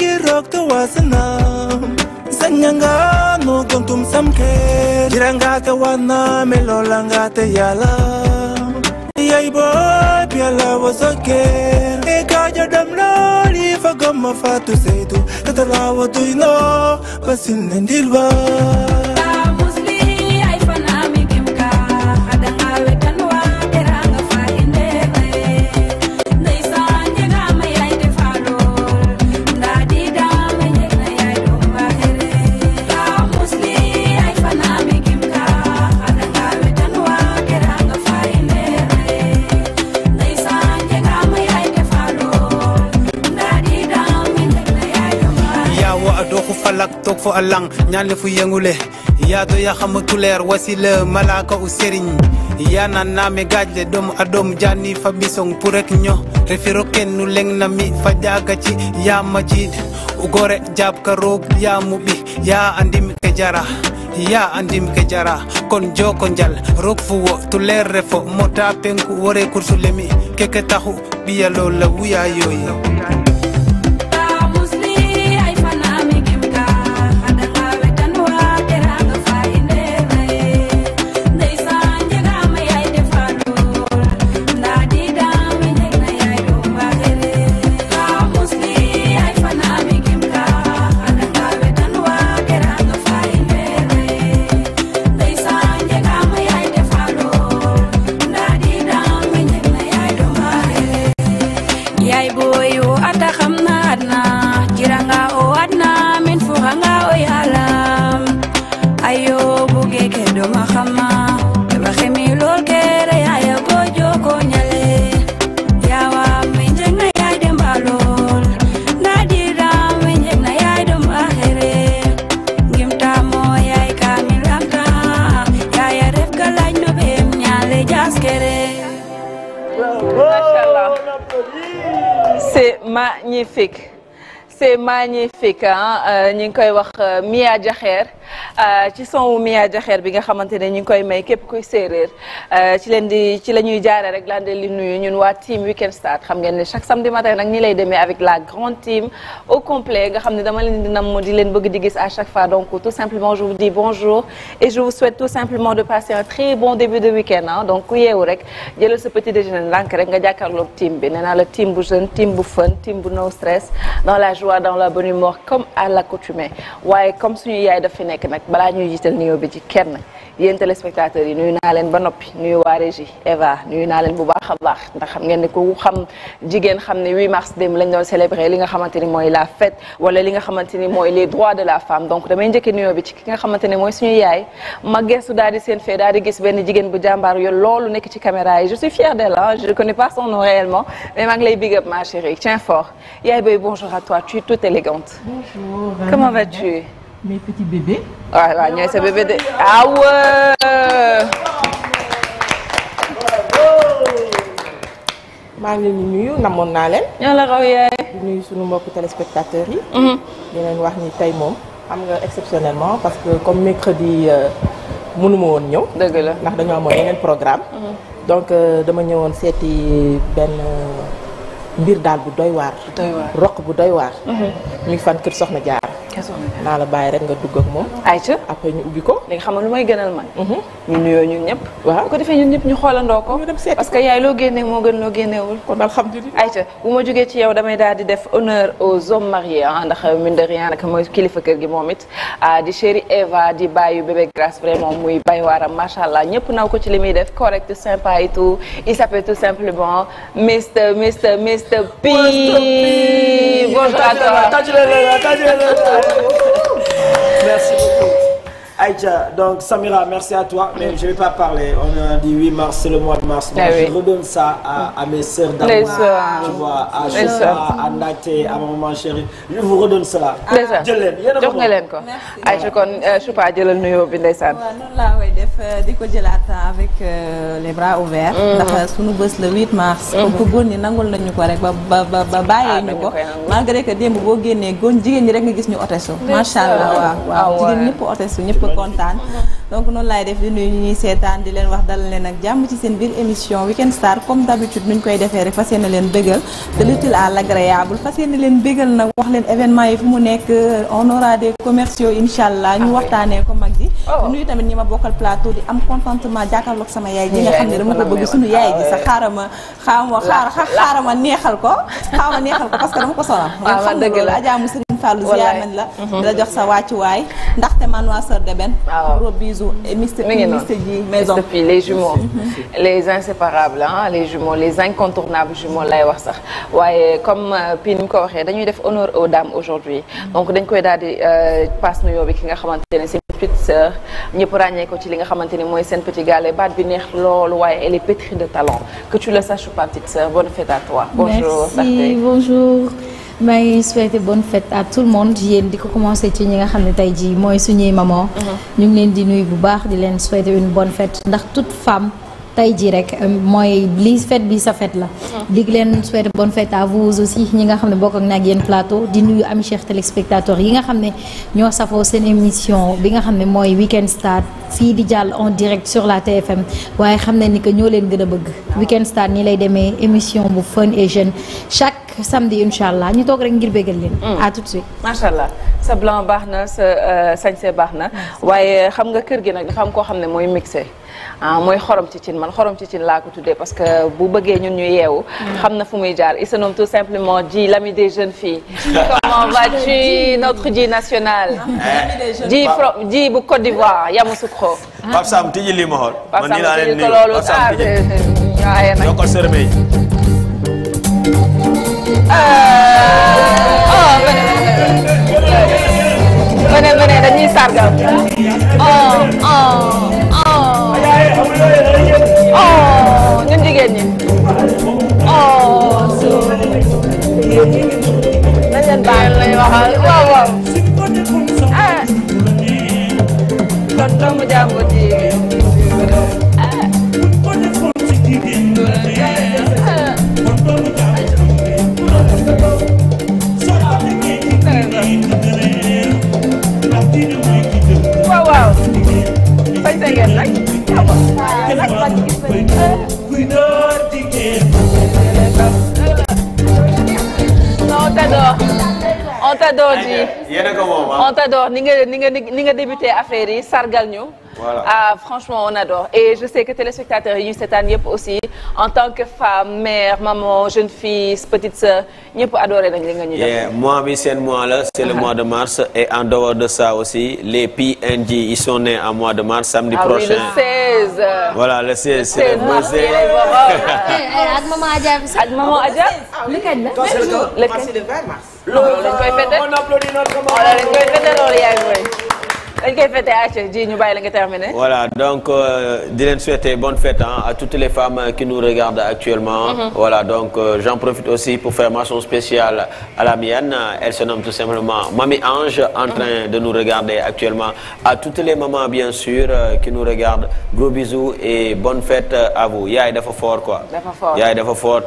giroog te waasanaam saña nga noo gontum samkeer jira nga te wannaame loola nga te yàlla yay boob yàlla wasokeer e kaaja dam looli fa gomma faatu seytu te talaawa duy loo ba silne ndil ba toog fo a lang ñaan le fu yëngule do ya xam wasila malaaka u sëriñ yaa naan naame gaaj le doom a doom jaani fa bisong pour rek ño refiro ken nu leng na mi fa jaaga ci yaa majiid u gore jaab ka roog yaa muɓi yaa andim ke jara yaa andim ke jara kon joko njal roog fu wo tuleer refo mota penku wore kursu lemi keke taxu ɓiya lool la wuya yooy magnifique c'est magnifique ah ñu ngi koy wax euh, Mia Jaxeer Euh, ci son Mia Jaxeer bi nga xamante ne ñu ngi koy may képp kuy séeréer euh, ci leen di ci la ñuy jaaree rek laan leen di nuyu ñun waa team Weekend Start xam ngeen chaque samedi matin nag ñi lay demee avec la grande team au complet nga xam ne dama leen di nam di leen bëgg di gis à chaque fois donc tout simplement je vous dis bonjour et je vous souhaite tout simplement de passer un très bon début de week-end ah donc ku yeewu rek jëlal sa petit déjeuner ndànk rek nga jàkkaarloog team la team bu comme à l'accoutumée waaye suñu yaay dafa nekk nag balaa ñuy jiital nuyoo bi ci kenn yéen téléspectateurs yi nuyu naa leen ba noppi nuyu waa régie Eva nuyu naa leen bu baax a baax ndax xam ngeen ne ku xam jigéen xam ne 8 mars dem lañ doon célébrer li nga xamante ni mooy la fête wala li nga xamante ni mooy les droits de la femme donc damay njëkkee nuyoo bi ci ki nga xamante ne mooy suñu yaay ma gestu daal di seen fee daal di gis benn jigéen bu jàmbaar yo loolu nekk ci caméra yi je suis fière d'elle ah je connais pas mes petits bébés. waaw waaw ñooy sa bébé de aw. Ah maa ngi leen di namoon naa leen. ñoo la raw yaay. di nuyu suñu mbokku téléspectateurs yi. Mm-hmm. di wax ni tey moom xam nga exceptionnellement parce que comme mercredi euh, mënu ma woon ñëw. dëgg la ndax dañoo amoon yeneen programme. Mm-hmm. donc euh, dama ñëwoon seeti benn euh, mbir daal bu doy waar. roq bu doy waar. Mm-hmm. mi ngi fan kër Soxna Jaar. naa la bàyyi rek nga dugg ak moom. ayca après ñu ubbi ko. léegi xam nga lu may gënal man. Mhm. ñu nuyoo ñun ñëpp. waaw bu ko defee ñun ñëpp ñu xoolandoo ko. parce que yaay loo génnee moo gën loo génneewul. kon alhamdulilah ayca bu ma jógee ci yow damay daal di def honneur aux hommes mariés ah ndax mine nag mooy kilifa kër gi moom it. Ah, di chérie Eva di bàyyi bébé grâce vraiment muy bàyyi waaram macha allah ñëpp naw ko ci li muy def correct sympa et tout il s'appelle tout simplement Merci beaucoup. Aïcha donc Samira merci à toi mais je a dit 8 mars c'est le de mars. Moi, eh je redonne ça à, à mes sœurs d'amour. les je vous jël leen yéen a jox nga leen ko. merci Aïcha kon euh, Choupa jëlal nuyoo bi ndeysaan. waaw noonu laa koy def euh, di ko jëlaat avec euh, les bras ouverts. Mm. ndax sunu bës le 8 mars. Mm. comme que góor ñi nangul nañu ko rek ba ba ba ba bàyyee ah, ñu ko. malgré que démb boo génnee góor jigéen ñi rek nga gis ñu otesu. macha allah ah, waaw jigéen ñëpp otesu ñëpp kontaan donc noonu laay def di nuyu ñuy seetaan di leen wax dalal leen jàmm ci seen biir émission Weekend Star comme d'habitude nuñ koy defee rek fas yéene leen bégal de l'utile à l'agréable fas yéene leen bégal nag wax leen événement yi fu mu nekk on commerciaux incha ñu ah waxtaanee ko mag ji oh. di nuyu tamit ñi ma bokkal plateau di am contentement jàkkaarloog sama yaay ji nga xam ne dama ko bëgg suñu yaay ji sax xaaral ma xaaral neexal ko Fallou ziar nañ la mhm. la jox sa wàccuwaay ndaxte man waa Sœur d'Ébène gros bisou Mister P Mister J maison Mister P les jumeaux mhm. les inséparables ah lay wax sax waaye comme euh, Pi ni mu ko waxee dañuy def honneur aux dames aujourd'hui mhm. donc dañ koy daal di euh, passe nuyoo bi ki nga xamante ne si une petite ñëpp ràññee ko ci li nga xamante ni mooy seen petit gars baat bi neex loolu waaye elle est pétrie de talent que tu le saches ou pas petite sœur bonne fête à toi bonjour merci bonjour may souhaiter bon fet à tout le monde yéen di ko commencer ci ñi nga xam ne tey jii mooy suñuy maman. Mhm. ñu ngi leen di nuyu bu baax di leen souhaiter une bonne fête ndax tout femme tey jii rek euh, mooy lii fet bi sa fête la. Mhm. di leen souhaiter bonne fête à vous aussi ñi nga xam ne bokk na ak yéen plateau di nuyu am chers téléspectateurs yi nga xam ne ñoo safoo seen émission bi nga xam ne mooy Weekend Star fii di jàll en direct sur la TFM waaye xam ne ni que ñoo leen gën a bëgg Weekend Star nii lay demee émission bu fun et jeune samedi incha allah ñu toog rek ngir bégal leen. Mm. macha allah sa blanc baax na sa euh, baax na waaye euh, xam nga kër gi nag dafa am koo xam ne mooy mixé ah mooy xorom ci cin man xorom ci cin laa ko tuddee parce que bu bëggee ñun ñu yeewu. Mm. xam na fu muy jaar il se nomme tout simplement Dji l'ami des jeunes filles. comment ah, vas notre Dji national. Ah, Dji from Dji bu Côte d'Ivoire Yamoussoukro. Pape Sam tijji lii ma xool. man nii laa leen nuyu oh beneen beneen dañuy sargal oh oh oh oh ñun jigéen ñi oh nañ leen baal lay waxal waaw waaw ah kon doomu jàmbur ji kuy door jigéen. non on t'adore on on t'adore ni nga ni nga ni nga débuté affaire yi sargal ñu. a ah franchement on adore et je sais que téléspectateurs yi ñu seetaan yëpp en tant que femme mère maman jeune fille petite sœur ñëpp adoré nañ li nga ñu def. mois bi seen mois la. c'est le mois de mars et en dehors de ça aussi les PNJ ils sont nés en mois de mars samedi ah, prochain. le 16. voilà le 16. c'est le ah, musée. Eh, eh, ak maman Adja bi ah, ah, la le kañ maman. voilà lañ koy fête loolu yaay dañ koy fêté Aïcha ji ñu bàyyi la nga terminé. voilà donc euh, di leen souhaiter bonne fête hein, à toutes les femmes euh, qui nous regardent actuellement. Mm-hmm. voilà donc euh, j'en profite aussi pour faire mention spéciale à la mienne elle se nomme tout simplement Mamie Ange en mm-hmm. train mm -hmm. de nous regarder actuellement à toutes les mamans bien sûr qui nous regardent gros bisous et bonne fête à vous yaay dafa fort quoi. dafa fort yaay dafa fort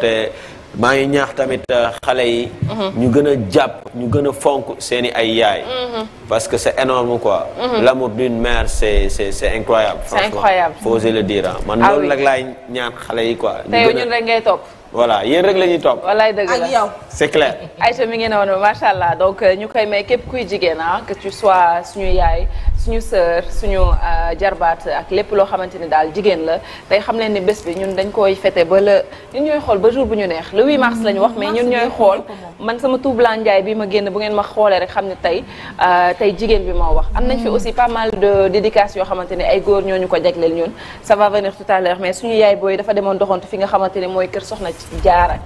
maa ngi ñaax tamit euh, xale yi. Mhm. ñu gën a jàpp ñu gën a fonk seeni ay yaay. Mhm. parce que c'est énorme quoi. Mhm. l'amour d'une mère c'est c'est c'est incroyable. c'est incroyable franchement faut le dire man ah loolu nag laay ñaan xale yi quoi. ñu gën rek ngay topp. voilà yéen rek la ñuy topp. walaay dëgg la ak ay c'est clair. Aïcha mi ngi ne woon macha allah donc euh, ñu koy may képp kuy jigéen ah tu sois suñu yaay. suñu sœur suñu euh, jarbaat ak lépp loo xamante ni daal jigéen la tey xam leen ni bés bi ñun dañ koy fete ba la ñun ñooy xool ba jour bu ñu neex le 8 mars lañu wax mais ñun ñooy xool man sama tout blanc njaay bi ma génn bu ngeen ma xoolee rek xam ne tey euh, tey jigéen bi moo wax am nañ fi aussi pas mal de dédicaces yoo xamante ni ay góor ñoo ñu ko jagleel ñun ça va venir tout mais suñu yaay booy dafa demoon doxantu fi nga xamante ni mooy kër soxna jaara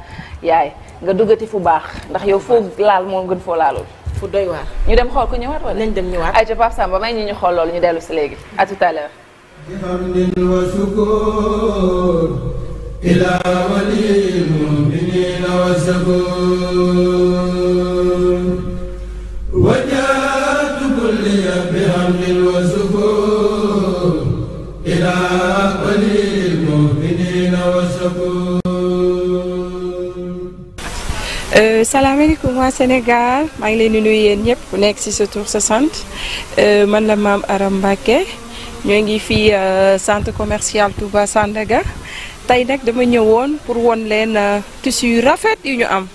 yaay nga duggati fu baax ndax yow foo laal moo gën foo laalul fu doy waar. ñu dem xool ku ñëwaat wala. nañ dem ñëwaat ayca Samba may ñi ñu xool loolu ñu dellu si léegi à tout à l'heure وجاءت كل بحمد وسكون إلى قليل المؤمنين وسكون Euh, salaamaaleykum waa Sénégal maa ngi leen di nuyu yéen ñëpp ku nekk ci sa tur sa sant euh, man la maam Aram Mbacké ñoo ngi fii euh, centre commercial Touba Sandaga tey nag dama ñëwoon pour won leen tissu yu rafet yu ñu am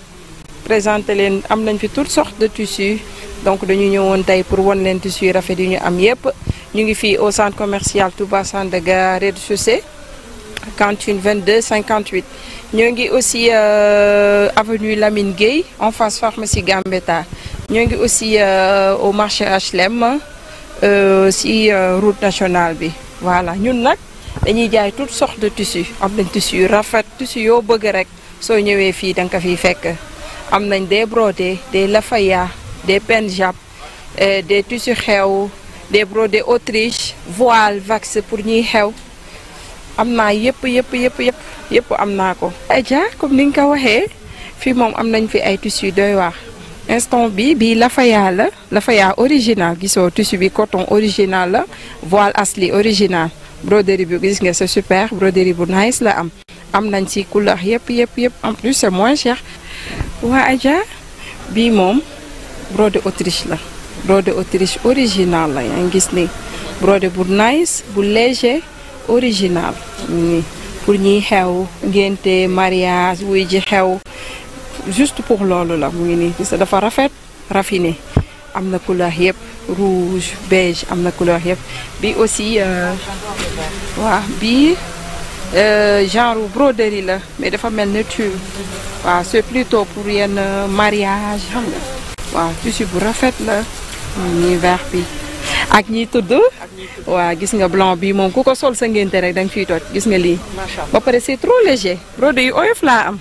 présenté leen am nañ fi toutes sortes de tissus donc dañu ñëwoon tey pour won leen tissu yu rafet yu ñu am yëpp ñu ngi fii au centre commercial Touba Sandaga rez de vingt deux cinquante 58 ñoo ngi aussi euh, avenue Lamine Gueye en face pharmacie Gambetta ñoo ngi aussi euh, au marché HLM euh, si route nationale bi voilà ñun nag dañuy jaay toute sorte de tissu am nañ tissu yu rafet tissu yoo bëgg rek soo ñëwee fii da nga ko fiy fekk am nañ des brodés des lafaya des penjab des tissus xew des brodés autriche voile vax pour ñuy xew am naa yëpp yëpp yëpp yëpp yëpp am naa ko. Adja comme ni nga ko waxee fii moom am nañ fi ay tissus doy waar instant bi bii lafaya la lafaya original gisoo tissu bi coton original la voile asli original broderie bi gis nga c'est super broderie bu nice la am am nañ ci couleur yëpp yëpp yëpp en plus c'est moins cher waa Adja bii moom brode autriche la brode autriche original la yaa ngi gis ni brode bu nice bu léger. original nii pour ñuy xew ngénte mariage wuy ji xew juste pour loolu la mu ngi nii parce que dafa rafet raffiné am na couleur yëpp rouge beige am na couleur yëpp bi aussi euh, waaw bi euh, genre broderie la mais dafa mel ne tulle waaw c'est plutôt pour yenn mariage xam nga waaw tissu bu rafet la nii vert bi ak ñiy tudd. waaw gis nga blanc bi moom ku ko sol sa ngénte rek da nga fiy toj gis nga lii. ba pare c'est trop léger. brodé yu oyof laa am.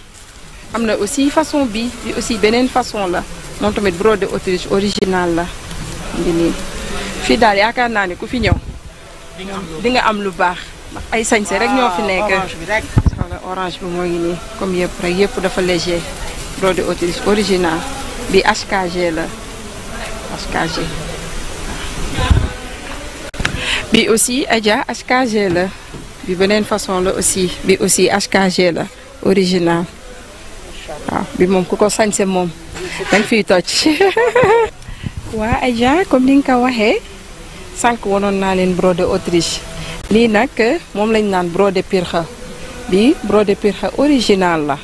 am na aussi façon bi bi aussi beneen façon la moom tamit brodé autriche original la. ngi nii fii daal yaakaar naa ne ku fi ñëw. di nga am lu baax. ndax ay sañse rek ñoo fi nekk. orange bi moo ngi nii comme yëpp rek yëpp dafa léger. brodé autriche original bi HKG la HKG. bi aussi Adja HKG la bi beneen façon la aussi bi aussi HKG la original waaw bi moom ku ko sañse moom danga fiy toj waa Adja comme ni nga ko waxee sànq wanoon naa leen brodé Autriche lii nag moom lañ naan brodé pirxa bi brodé pirxa original la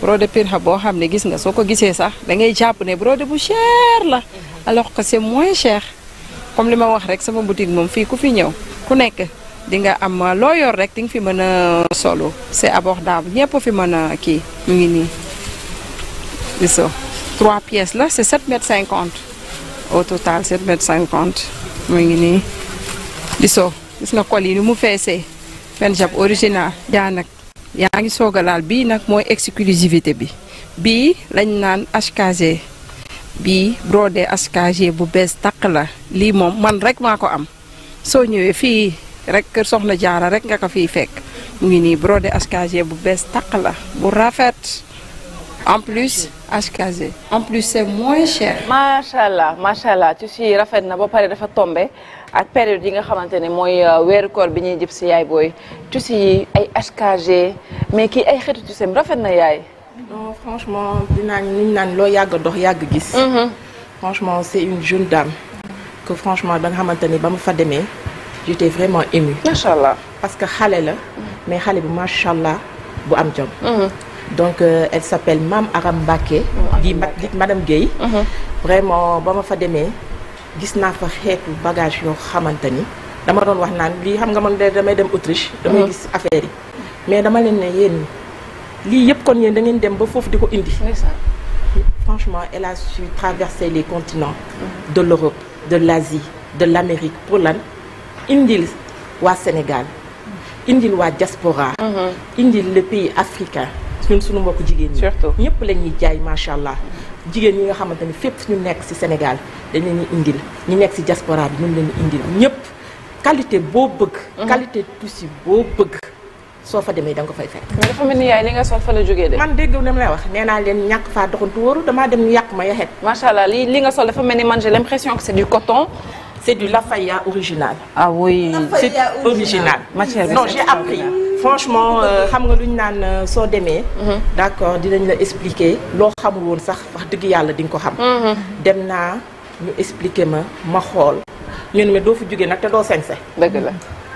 brodé pirxa boo xam ne gis nga soo ko gisee sax da ngay jàpp ne brodé bu cher la alors que c'est moins cher comme li ma wax rek sama boutique moom fii ku fi ñëw ku nekk di nga am loo yor rek di nga fi mën a solo c'est abordable ñëpp fi mën a kii mu ngi nii gisoo trois pièces la c'est sept mètres cinquante au total sept mètres cinquante mu ngi nii gisoo gis nga col yi ni mu feesee pen jab original jaa nag yaa ngi soog laal bii nag mooy exclusivité bi bii lañ naan HKG bii brodé HKG bu bees tàq la lii moom man rek maa ko am soo ñëwee fii rek kër soxna jaara rek nga ko fiy fekk mu ngi nii brodé HKG bu bees tàq la bu rafet en plus HKG en plus c'est moins cher. macha allah macha allah tissu yi rafet na ba pare dafa tombe ak période yi nga xamante ne mooy euh, weeru koor bi ñuy jëm si yaay booy tissu yi ay HKG mais kii ay xeetu tissu rafet na yaay. non franchement dinaa ñu ñu naan loo yàgg dox yàgg gis. Mhm. franchement c' est une jeune dame. que franchement ba nga xamante ni ba ma fa demee j' vraiment émue. macha allah parce que xale la. mais xale bi macha allah bu am jom. Mhm. donc euh, elle s' appelle Mame Aram Mbacké. di ma di madame mhm. vraiment ba ma fa demee gis naa fa xeetu bagage yoo xamante ni dama doon wax naan lii xam nga man damay dem Autriche. damay gis affaire yi mais dama leen ne lii yëpp kon yéen dangeen ngeen dem ba foofu di ko indi. franchement elle a su traverser les continents. de l'Europe de l'Asie de l'Amérique pour lan indil waa Sénégal indil waa diaspora. Mm-hmm. indil le pays africain. ñun suñu mbokk jigéen ñi. surtout ñëpp la ñuy jaay macha allah. jigéen ñi nga xamante ni fépp ñu nekk ci Sénégal dañ leen indil ñu nekk ci diaspora bi ñun leen indil ñëpp qualité boo bëgg. Mm-hmm. qualité tissu boo bëgg. soo fa demee da nga ko fay fekk. dafa mel ni yaay li nga sol fa la jógee de. man dégg dem lay wax nee leen ñàkk faa doxantu wóoru damaa dem yàq ma yaxet. macha allah li li nga sol dafa mel ni man j'ai l'impression que c'est du coton. c'est du Lafaya original. ah oui c'est original. matière non j'ai appris. franchement euh, xam nga lu ñu naan euh, soo demee. Mhm. d'accord dinañ la expliquer. loo xamul woon sax wax dëgg yàlla di nga ko xam. Mhm. dem naa ñu expliquer ma ma xool. ñu ne doo fa jógee nag te doo sañse. dëgg la.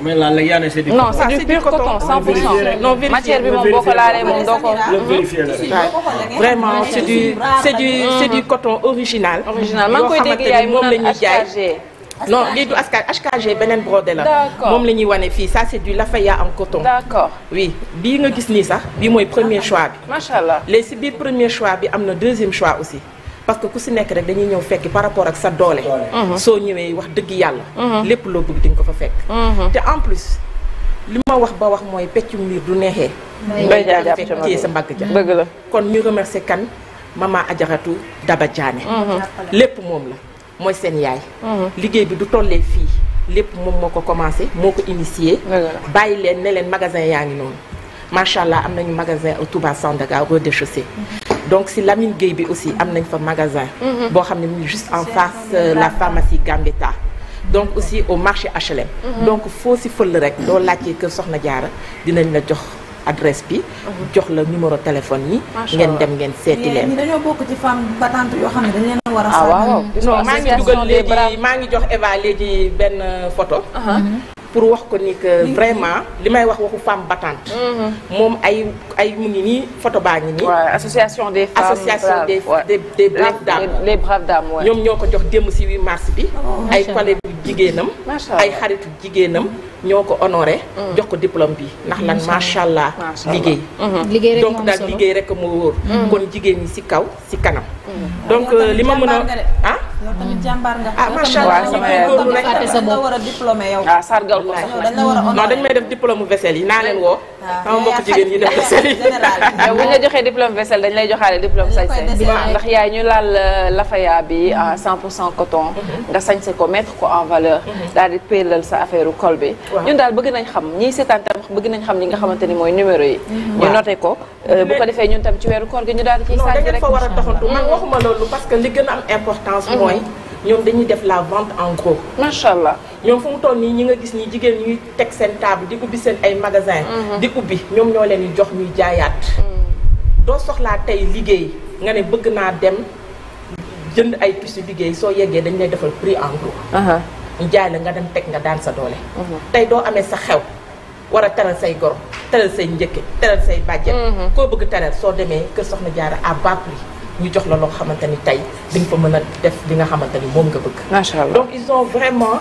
mais la layaane c'est du coton non ça c'est du coton 100% non matière bi moom boo ko laalee moom doo ko. vraiment c'est du c'est du c'est du coton original. original maa ngi koy dégg yaay moom la ñuy jaay. non lii du aska HKG beneen brodé la. moom la ñuy wane fii sa c'est du lafaya en coton. d'accord oui bii nga gis nii sax bii mooy premier choix bi. macha allah léegi si biir premier choix bi am na deuxième choix aussi. parce que ku si nekk rek dañuy ñëw fekki par rapport ak sa doole. Mhm. soo ñëwee wax dëgg yàlla. Mhm. lépp loo bëgg di ko fa fekk. Mhm. te en plus li ma wax ba wax mooy peccum mbir du neexee. mbay jaajëf fekk sa mbagg ja la kon ñu remercier kan maman Ajaratu Daba Diané. lépp moom la mooy seen yaay. liggéey bi du tollee fii lépp moom moo ko commencé moo ko initié. bàyyi leen ne leen magasin yaa ngi noonu. macha allah am nañu magasin au Touba Sandaga rez-de-chaussée donc si Lamine géey bi aussi am nañ fa magasin. Mhm. boo xam ne mu juste en face euh, la pharmacie Gambetta. donc aussi au marché HLM. Mhm. donc foo si fël rek doo laajtee kër Soxna Jaara dinañ la jox. adresse bi. Mhm. jox la numéro téléphone yi. ngeen dem ngeen seeti leen. dañoo bokk ci femme battante yoo xam ne dañ leen a war a. Ah, maa ngi dugal léegi maa ngi jox Eva léegi benn photo. Uh-huh. pour wax ko ni vraiment li may wax waxu femme battante. Mm-hmm. moom ay ay mu ngi nii photo baa ngi nii. association des femmes association des des des braves dames. les ñoom ñoo ko jox démb si 8 mars bi. Oh, ay collègues jigéenam. ay xaritu jigéenam. ñoo ko honoré. Mm. jox ko diplôme bi ndax lan macha allah. liggéey. Mm-hmm. liggéey rek donc daal liggéey rek moo wóor. Mm-hmm. kon jigéen ñi ci kaw ci kanam. Mm-hmm. donc euh, li ma mën a ah. loolu tamit jàmbaar nga. ah macha allah sama yaay war a diplômé yow. ah sargal ko sax dañ la war a non dañ may def diplôme vaisselle yi naa leen woo. Ah. sama mbokk jigéen ñi def vaisselle yi. yow bu ñu la joxee diplôme vaisselle dañ lay joxaale diplôme sañse ndax yaay ñu laal euh, lafaya bi à 100 pour cent coton. nga sañse ko mettre ko en valeur. daal di péerlal sa affaire col bi ñun daal bëgg nañ xam ñi seetaan tam bëgg nañ xam li nga xamante ni mooy numéro yi mm-hmm. ñu noté ko euh, bu ko defee ñun tam ci weeru koor gi ñu daal ci sànni rek da war a taxantu man waxuma loolu parce que li gën a am importance mm-hmm. mooy ñoom dañuy def la vente en gros macha allah ñoom fu mu toll nii ñi nga gis ñi jigéen ñuy teg seen table di ubbi seen ay magasin mm-hmm. di ubbi ñoom ñoo leen di jox muy jaayaat mm. doo soxlaa tey liggéey nga ne bëgg naa dem jënd ay pisu liggéey soo yeggee dañ lay defal prix en gros ñu jaay la nga dem teg nga daan sa doole. Mhm. tey doo amee sa xew war a teral say goro teral say njëkke teral say bàjjen. Mhm. koo bëgg teral soo demee kër Soxna Jaara à bas prix ñu jox la loo xamante ni tey di nga fa mën a def li nga xamante ni moom nga bëgg. macha allah donc ils ont vraiment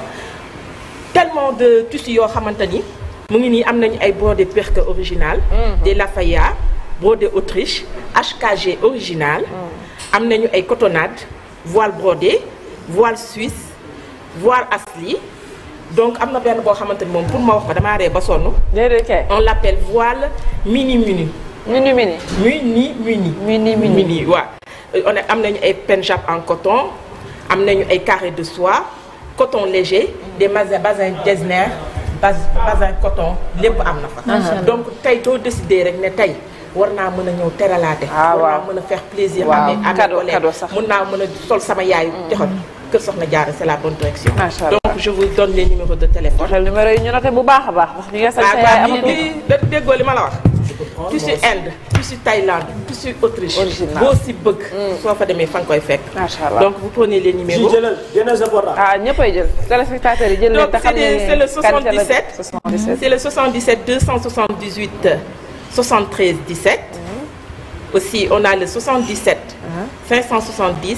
telement de tissus yoo xamante ni. mu ngi nii am nañu ay brodé Perca original. Mhm. des Lafaya brodé Autriche HKG original. am nañu ay cotonnade voile brodé voile suisse. voir Asli donc am na benn boo xamante ni moom pour ma wax ko damaa ree ba sonn. déedéet kay on l' appelle voile mini mini. mini mini. mini mini. mini mini mini waaw. am nañu ay penchap en coton am nañu ay carré de soie coton léger. des basin basin designer basin coton lépp am na fa. donc tey doo décidé rek ne tey. war naa mën a ñëw teralaate. Ah, war naa mën a faire plaisir. waaw cadeau sax amee naa mën a sol sama yaayu joxoon. Mm. Kër Soxna Diarra c'est la bonne direction. macha allah donc je vous donne les numéros de téléphone. numéro yi ñu noté bu baax a baax ndax ñu ngi li ma la wax. tu si Inde tu si Thaïlande tu si Autriche. original si bëgg. Mm. soo fa demee fa nga koy fekk. macha allah donc vous prenez les numéros. si jëlal jëlal sa portable. ah ñëppay jël téléspectateurs yi jël leen te xam ne c'est le 77. 77 c'est le 77 278 73 17. aussi on a le 77. 570. Mm.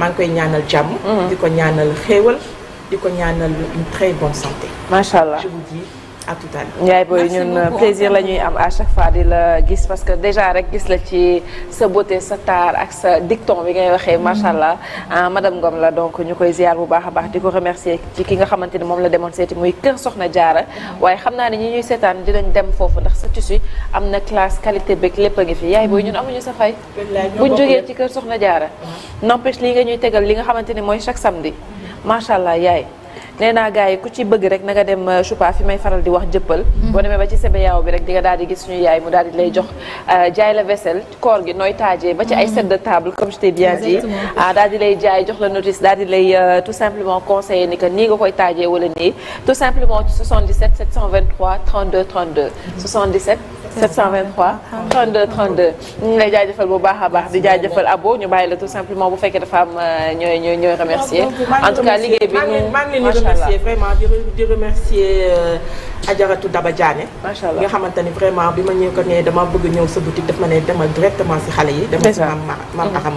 maa ngi koy ñaanal jàmm. Mm-hmm. di ko ñaanal xéewal di ko ñaanal une très bonne santé. macha à tout à l'heure. Yaay Boy ñun plaisir la ñuy am à chaque fois di la gis parce que déjà rek gis la ci sa beauté sa taar ak sa dicton bi ngay waxee mm-hmm. macha allah ah, madame Ngom la donc ñu koy ziar bu baax a baax di ko remercier ci ki nga xamante ni moom la demoon seeti muy kër Soxna Jaara mm-hmm. waaye xam naa ne ñi seetaan dinañ dem foofu ndax sa tissu am na classe qualité beeg lépp a ngi fi Yaay Boy ñun am amuñu sa fay. buñ jogee ci kër Soxna Jaara mm-hmm. n'empêche li nga ñuy tegal li nga xamante ni mooy chaque samedi macha allah yaay. nee naa gars yi ku ci bëgg rek na nga dem euh, Choupa fi may faral di wax jëppal mm-hmm. boo demee ba ci sebe bi rek di nga daal di gis suñu yaay mu daal di lay jox euh, jaay la vaisselle koor gi nooy taajee ba ci ay mm-hmm. set de table comme je t'ai bien dit ah daal lay jaay jox la notice daal di lay euh, tout simplement conseiller ni que nii nga koy taajee wala nii tout simplement ci 77 723 32 32 77 723 32 32 ñu ngi lay jaajëfal bu baax a baax di jaajëfal abo ñu bàyyi la tout simplement bu fekkee dafa am euh, ñooy ñooy ñooy remercier en tout cas liggéey bi ñu macha allah maa ngi leen di remercier vraiment di remercier euh, ajaratu Daba Diané macha allah nga xamante ni vraiment bi ma ñëw ko ne dama bëgg ñëw sa boutique daf ma ne demal directement si xale yi demal si maam maam Aram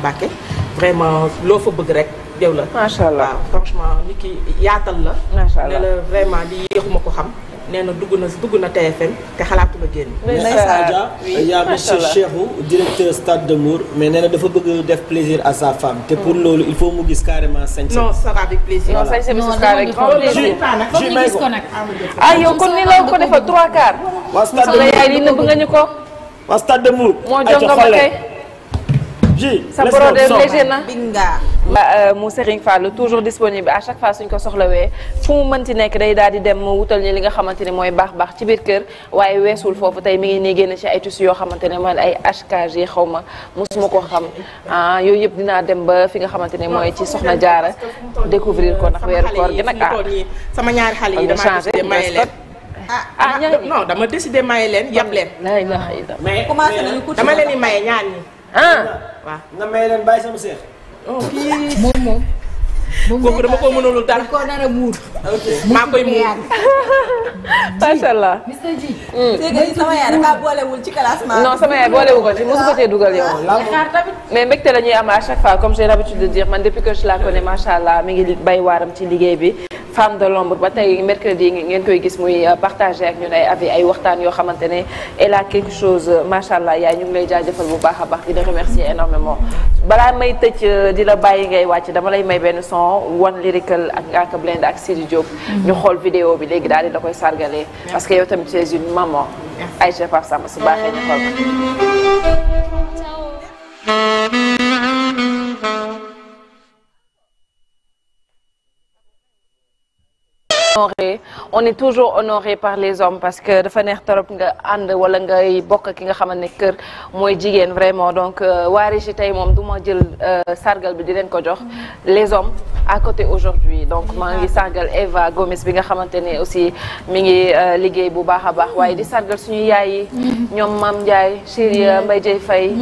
vraiment loo fa bëgg rek yow la macha allah waaw franchement nit ki yaatal la ne la vraiment li yéexuma ko xam nee na dugg na dugg na TFM te xalaatu la génn. message yaa monsieur Cheikhou directeur Stade de Mbour. mais nee dafa bëgg def plaisir à sa femme. te pour loolu il faut mu gis carrément sañ. non ça va plaisir. non sañ sa bis. carrément plaisir. ah yow ni la ko defal trois quarts. waa stade de yaay di nëbb nga ñu ko. waa stade de Mbour. moo jox nga ma kay. ji sa borode léger na. Euh, mu Serigne Fall toujours disponible à chaque fois suñ ko soxlawee fu mu mënti nekk day daal di dem wutal ñu li nga xamante ne mooy baax baax ci biir kër waaye weesul foofu tey mi ngi nii génn ci ay tissus yoo xamante ne mooy ay HKG yi xaw ma ma ko xam ah, yooyu yëpp dinaa dem ba fi nga xamante ne mooy ci Soxna Jaara découvrir ko ndax weeru koor gi ah. sama ñaari xale yi dama changé Ah, ah, ah non dama décidé maye leen yab leen. mais commencé nañu dama leen di maye ñaan ñi. ah nga maye leen bàyyi sama seex. Oh, kii moom moom. kooku dama ko mënalul dara koo nar a muur. maa koy muur. macha allah. monsieur Dji. léegi sama yaay dafa boolewul ci classement. non sama yaay boolewu ko ci mosu dugal yow. mais mbégte la ñuy am à chaque fois comme j'ai l'habitude de dire man depuis que je la connais macha allah mi ngi bay waaram ci liggéey bi. femme de l'ombre ba tey mercredi ngeen koy gis muy euh, partagé ak ñun ay avis ay waxtaan yoo xamante ne elle a quelque chose euh, macha allah yaay ñu ngi lay jaajëfal bu baax a baax di la remercier énormément balaa may tëj euh, di la bàyyi ngay wàcc dama lay may benn son One Lyrical ak Ngaaka Blindé ak Sidi Diop. Mm-hmm. ñu xool vidéo bi léegi daal di la koy sargalee. parce que yow tamit tu es une maman. Aïcha Pape Samba su baaxee ñu xool. honoré on est toujours honoré par les hommes parce que dafa neex torop nga ànd wala ngay bokk ki nga xamante ne kër mooy jigéen vraiment donc euh, waari ji tey moom duma jël euh, sargal bi di leen ko jox mm-hmm. les hommes à côté aujourd'hui donc maa ngi sargal Eva Gomes bi nga xamante ne aussi mi ngi euh, liggéey bu baax a baax mm-hmm. waaye di sargal suñu yaay mm-hmm. ñoom Mame Ndiaye chéri Mbaye Dieye Faye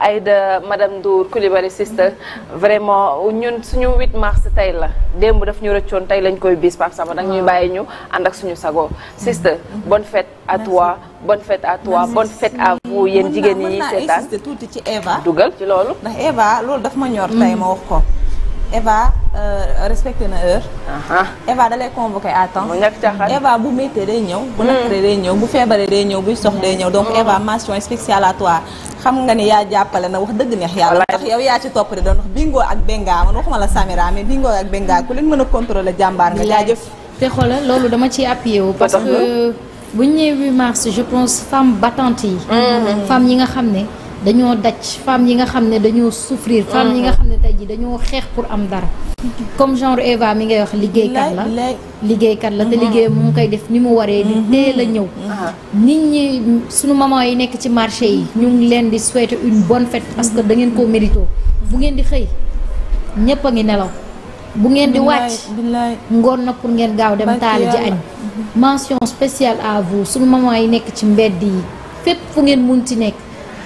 Aïda Madame Ndour Coulibaly sister vraiment ñun suñu 8 mars tey la démb daf ñu rëccoon tey lañ koy bis Pape Samba nag ñuy bàyyi ñu ànd ak suñu sago sister mm-hmm. Mm-hmm. bonne fête à toi bonne fête à toi bonne fête à vous yéen jigéen ñi seetaan tuuti ci Eva dugal ci loolu ndax Eva loolu daf ma ñor tey ma mm. wax ko Eva euh, respecté na heure. Eva da lay convoqué à temps. mu ñàkk caaxaan Eva bu méttee day ñëw. bu mm. nàkkaree day ñëw bu feebaree day ñëw buy sox day ñëw donc mm. Eva mention spéciale à toi xam nga ni yaa jàppale na wax dëgg neex yàlla. ndax yow yaa ci topp de doon wax bingo ak benga man waxuma la Samira mais bingo ak benga ku leen mën a contrôler jàmbaar nga jaajëf. te xoolal loolu dama ciy appuyé wu. parce que bu ñu nee 8 mars je pense femme battante yi. Mm-hmm. femme yi nga xam ne dañoo daj femme yi nga xam ne dañoo souffrir. femme yi nga mm-hmm. xam ne tey jii dañoo xeex pour am dara. comme genre Eva mi ngay wax liggéeykat la liggéeykat la te mm-hmm. liggéeyam mu ngi koy def ni mu waree di teel a ñëw nit ñi suñu maman yi nekk ci marché yi ñu ngi leen di souhaiter une bonne fête parce que da ngeen koo mérito bu ngeen di xëy ñëpp a ngi nelaw bu ngeen di wàcc ngoon na pour ngeen gaaw dem taali ji añ mention spéciale à vous suñu maman yi nekk ci mbedd yi fépp fu ngeen mun munti nekk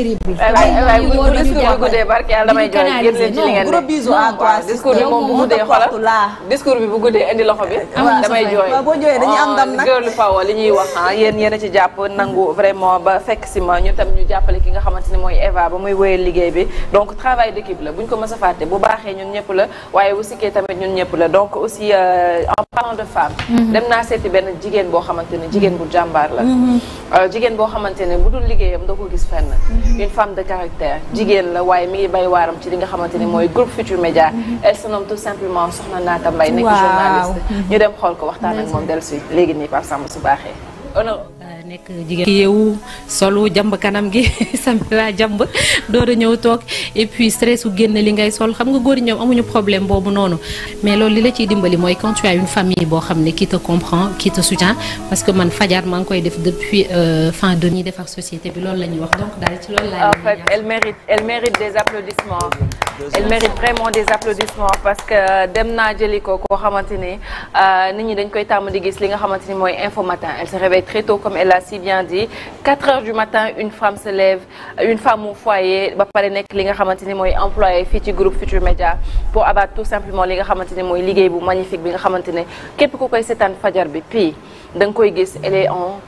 terrible. waay bu guddee barke yàlla damay jooy génn leen ci li ngeen gros bisou à toi discours bi moom bu bi bu guddee indi loxo bi damay jooy boo jooyee dañuy am ndam nag girl li ñuy wax ah, yéen yéen a ci jàpp nangu vraiment ba fekk si ma ñu tam ñu jàppale ki nga xamante ni mooy Eva ba muy wéyal liggéey bi donc travail d'équipe la buñ ko mës a fàtte bu baaxee ñun ñëpp la waaye bu sikkee tamit ñun ñëpp la donc aussi euh, en parlant de femme mm-hmm. dem naa seeti benn jigéen boo xamante ne jigéen bu jàmbaar la mm-hmm. euh, jigéen boo xamante ne bu dul liggéeyam doo ko gis fenn une femme de caractère jigéen la waaye mi ngi bay waaram ci li nga xamante ni mooy groupe Futurs Médias elle se nomme tout simplement Soxna Naata Mbaye nekk journaliste ñu dem xool ko waxtaan ak moom dellu si léegi nii Pape Samba su baaxee nekk jigéen ki yeewu solu jàmb kanam gi samira jàmb door a ñëw toog et stress u génn li ngay sol xam nga góor ñoom amuñu problème boobu noonu mais loolu li la ciy dimbali mooy quand tu as une famille boo xam ne qui comprend qui te parce que man fajaar maa ngi koy def depuis euh, fin de ñi defar société bi loolu la ñuy wax donc daal ci loolu la en fait elle mérite elle mérite des applaudissements elle mérite vraiment des applaudissements parce que euh, dem l'a si bien dit 4 heures du matin une femme se lève une femme au foyer ba pare nekk li nga xamante ni mooy employer fii ci groupe Futur Média pour abattre tout simplement li nga xamante ni mooy liggéey bu magnifique bi nga xamante ne képp ku koy seetaan bi puis da koy gis elle est en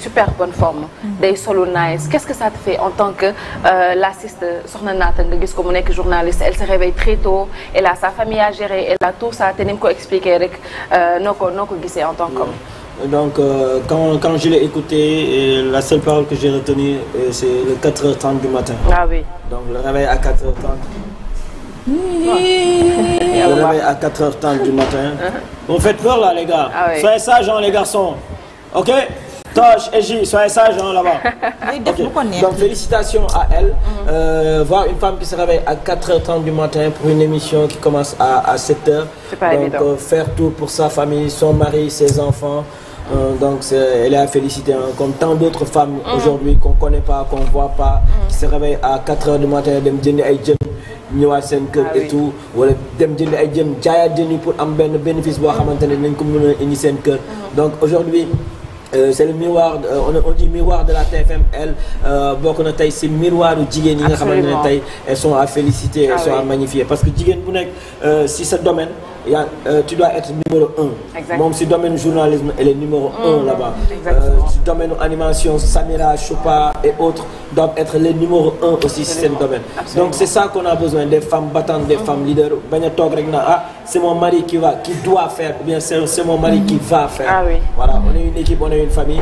super bonne forme mm-hmm. day solo nice qu'est-ce que ça te fait en tant que euh, l'assiste soxna naata nga gis ko mu nekk journaliste elle se réveille très tôt elle a sa famille à gérer elle a tout ça te ni mu euh, noo ko noo ko gisee en tant qu'homme Donc, euh, quand, quand, je l'ai écouté, la seule parole que j'ai retenue, euh, c'est le 4h30 du matin. Ah Donc, le réveil à 4h30. Le réveil à 4h30 du matin. Uh-huh. Vous faites peur là, ah les garçons. OK Tosh et J, soyez sages hein, là-bas. Okay. à elle. Mm. Euh, voir une femme qui se réveille à 4h30 du matin pour une émission qui commence à, à 7 Donc euh, faire tout pour sa famille, son mari, ses enfants. Euh, donc elle est à féliciter hein, comme tant d'autres femmes mhm. aujourd'hui qu'on connaît pas qu'on voit pas mhm. qui se réveillent à 4 heures du matin dem jëndi ay jën ñëwaat seen kër ah et tout wala dem jëndi ay jën jaayaat jën pour am benn bénéfice boo mhm. xamante ne nañ ko mën a indi seen kër donc aujourd'hui Euh, c'est le miroir euh, on dit miroir de la TFM elle euh, bokk na tey ci miroiru jigéen yi nga xamante ne tey elles sont à féliciter elles ah sont à magnifier parce que jigéen bu nekk ci euh, sa domaine yaa euh, tu dois être si domaine journalisme elle est numéro un mm, là-bas. Euh, si domaine animation Samira Choupa et autres doivent être les numéro un aussi si seen domaine. donc c'est ça qu'on a besoin des femmes battantes des mm. femmes leaders bañ a toog rek na ah c'est mon mari qui va qui doit faire ou bien c'est mon mari mm. qui va faire. Ah voilà on est une équipe on est une famille.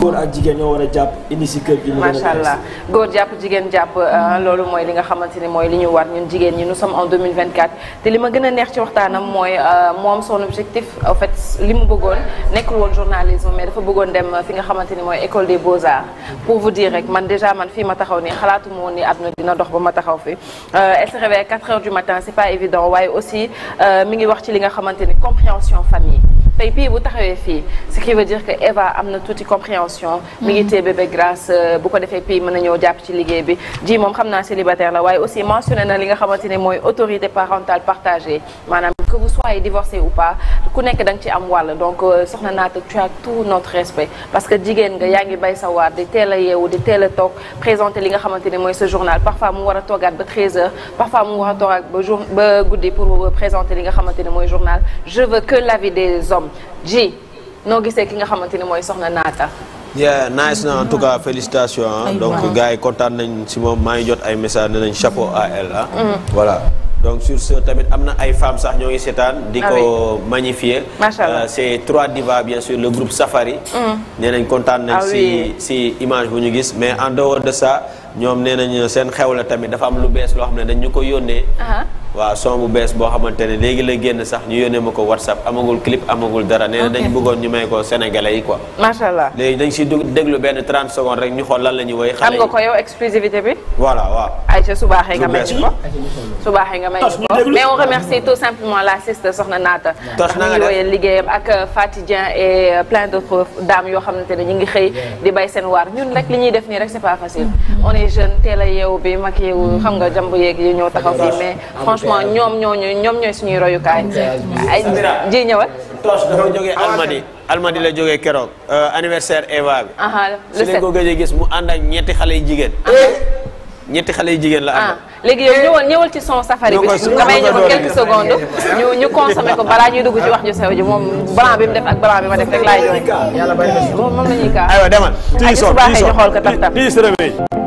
góor ak jigéen ñoo war a jàpp indi si kër gi. macha allah góor jàpp jigéen jàpp euh, loolu mooy li nga xamante ni mooy li ñu war ñun en mooy euh, moom son objectif en fait li mu bëggoon nekkul woon journalisme mais dafa bëggoon dem fi nga xamante ni mooy école des beaux arts pour vous dire man déjà man fii ma taxaw nii xalaatu ma àdduna dina dox ba ma taxaw fi euh, elle se réveille à 4 heures du matin c'est pas évident waaye aussi euh, mi ngi wax ci li nga xamante ni compréhension famille tey bii bu taxawee fii ce qui veut dire que Eva am na tuuti compréhension. mi ngi téye bébé grâce bu ko defee pii la li nga xamante que vous soyez divorcé ou pas ku nekk da nga ci am wàll donc euh, soxna naata tu as tout notre respect parce que jigéen nga yaa ngi bay sa waar di teel a yeewu di teel a toog présenté li nga xamante ne mooy sa journal parfois mu war a toogaat ba 13h parfois mu war a toogaat ba guddi pour présenter li nga xamante ne mooy journal je veux que l'avis des hommes ji noo gisee ki nga xamante ne mooy soxna naata yeah nice na en tout cas félicitations donc gars yi kontaan nañ si moom maa ngi jot ay message ne nañ chapeau à elle ah voilà donc sur ce tamit am na ay femmes sax ñoo ngi seetaan di ah ko magnifier euh, c'est trois divas bien sûr le groupe Safari mm. nee nañ kontaan nañ ah si si image bu ñu gis mais en de ça ñoom nee nañ seen xew la tamit dafa am lu bees loo xam ne dañ ñu ko yónnee ah. waaw son bu bees boo xamante ne léegi la génn sax ñu yónnee ma ko whatsapp amagul clip amagul dara nee na dañ bëggoon ñu may ko sénégalais yi quoi macha allah léegi dañ si déglu benn 30 secondes rek ñu xool lan la ñuy woy xale yi am nga ko yow exclusivité bi voilà waaw Aïcha su baaxee nga may ñu ko su baaxee nga may ñu ah, ko mais on remercie tout simplement la siste soxna Naata ndax ñu ngi woyal liggéeyam ak euh, Faty Dieng et euh, plein d'autres dames yoo xamante ne ñu ngi xëy di bay seen waar ñun rek li ñuy def nii rek c'est pas facile a yeewu bi mag yeewu xam nga jamb yeeg yi ñoo taxaw fii franchement ñoom ñooñu ñoom ñooy suñuy royukaay. ay ji ñëwal. tos dafa jógee Almadi Almadi la jóge keroog anniversaire Eva bi. le set su ko gëj gis mu ànd ak ñetti xale yu jigéen. ñetti xale yu jigéen la am. léegi yow ñëwal ñëwal ci son safari bi nga may ñu ko ñu ñu ko balaa ñuy dugg ci wax ju sew ji moom blanc bi mu def ak blanc bi ma def rek laay jooy. moom moom kaa aywa demal. tii soog tii ñu xool ko taf taf.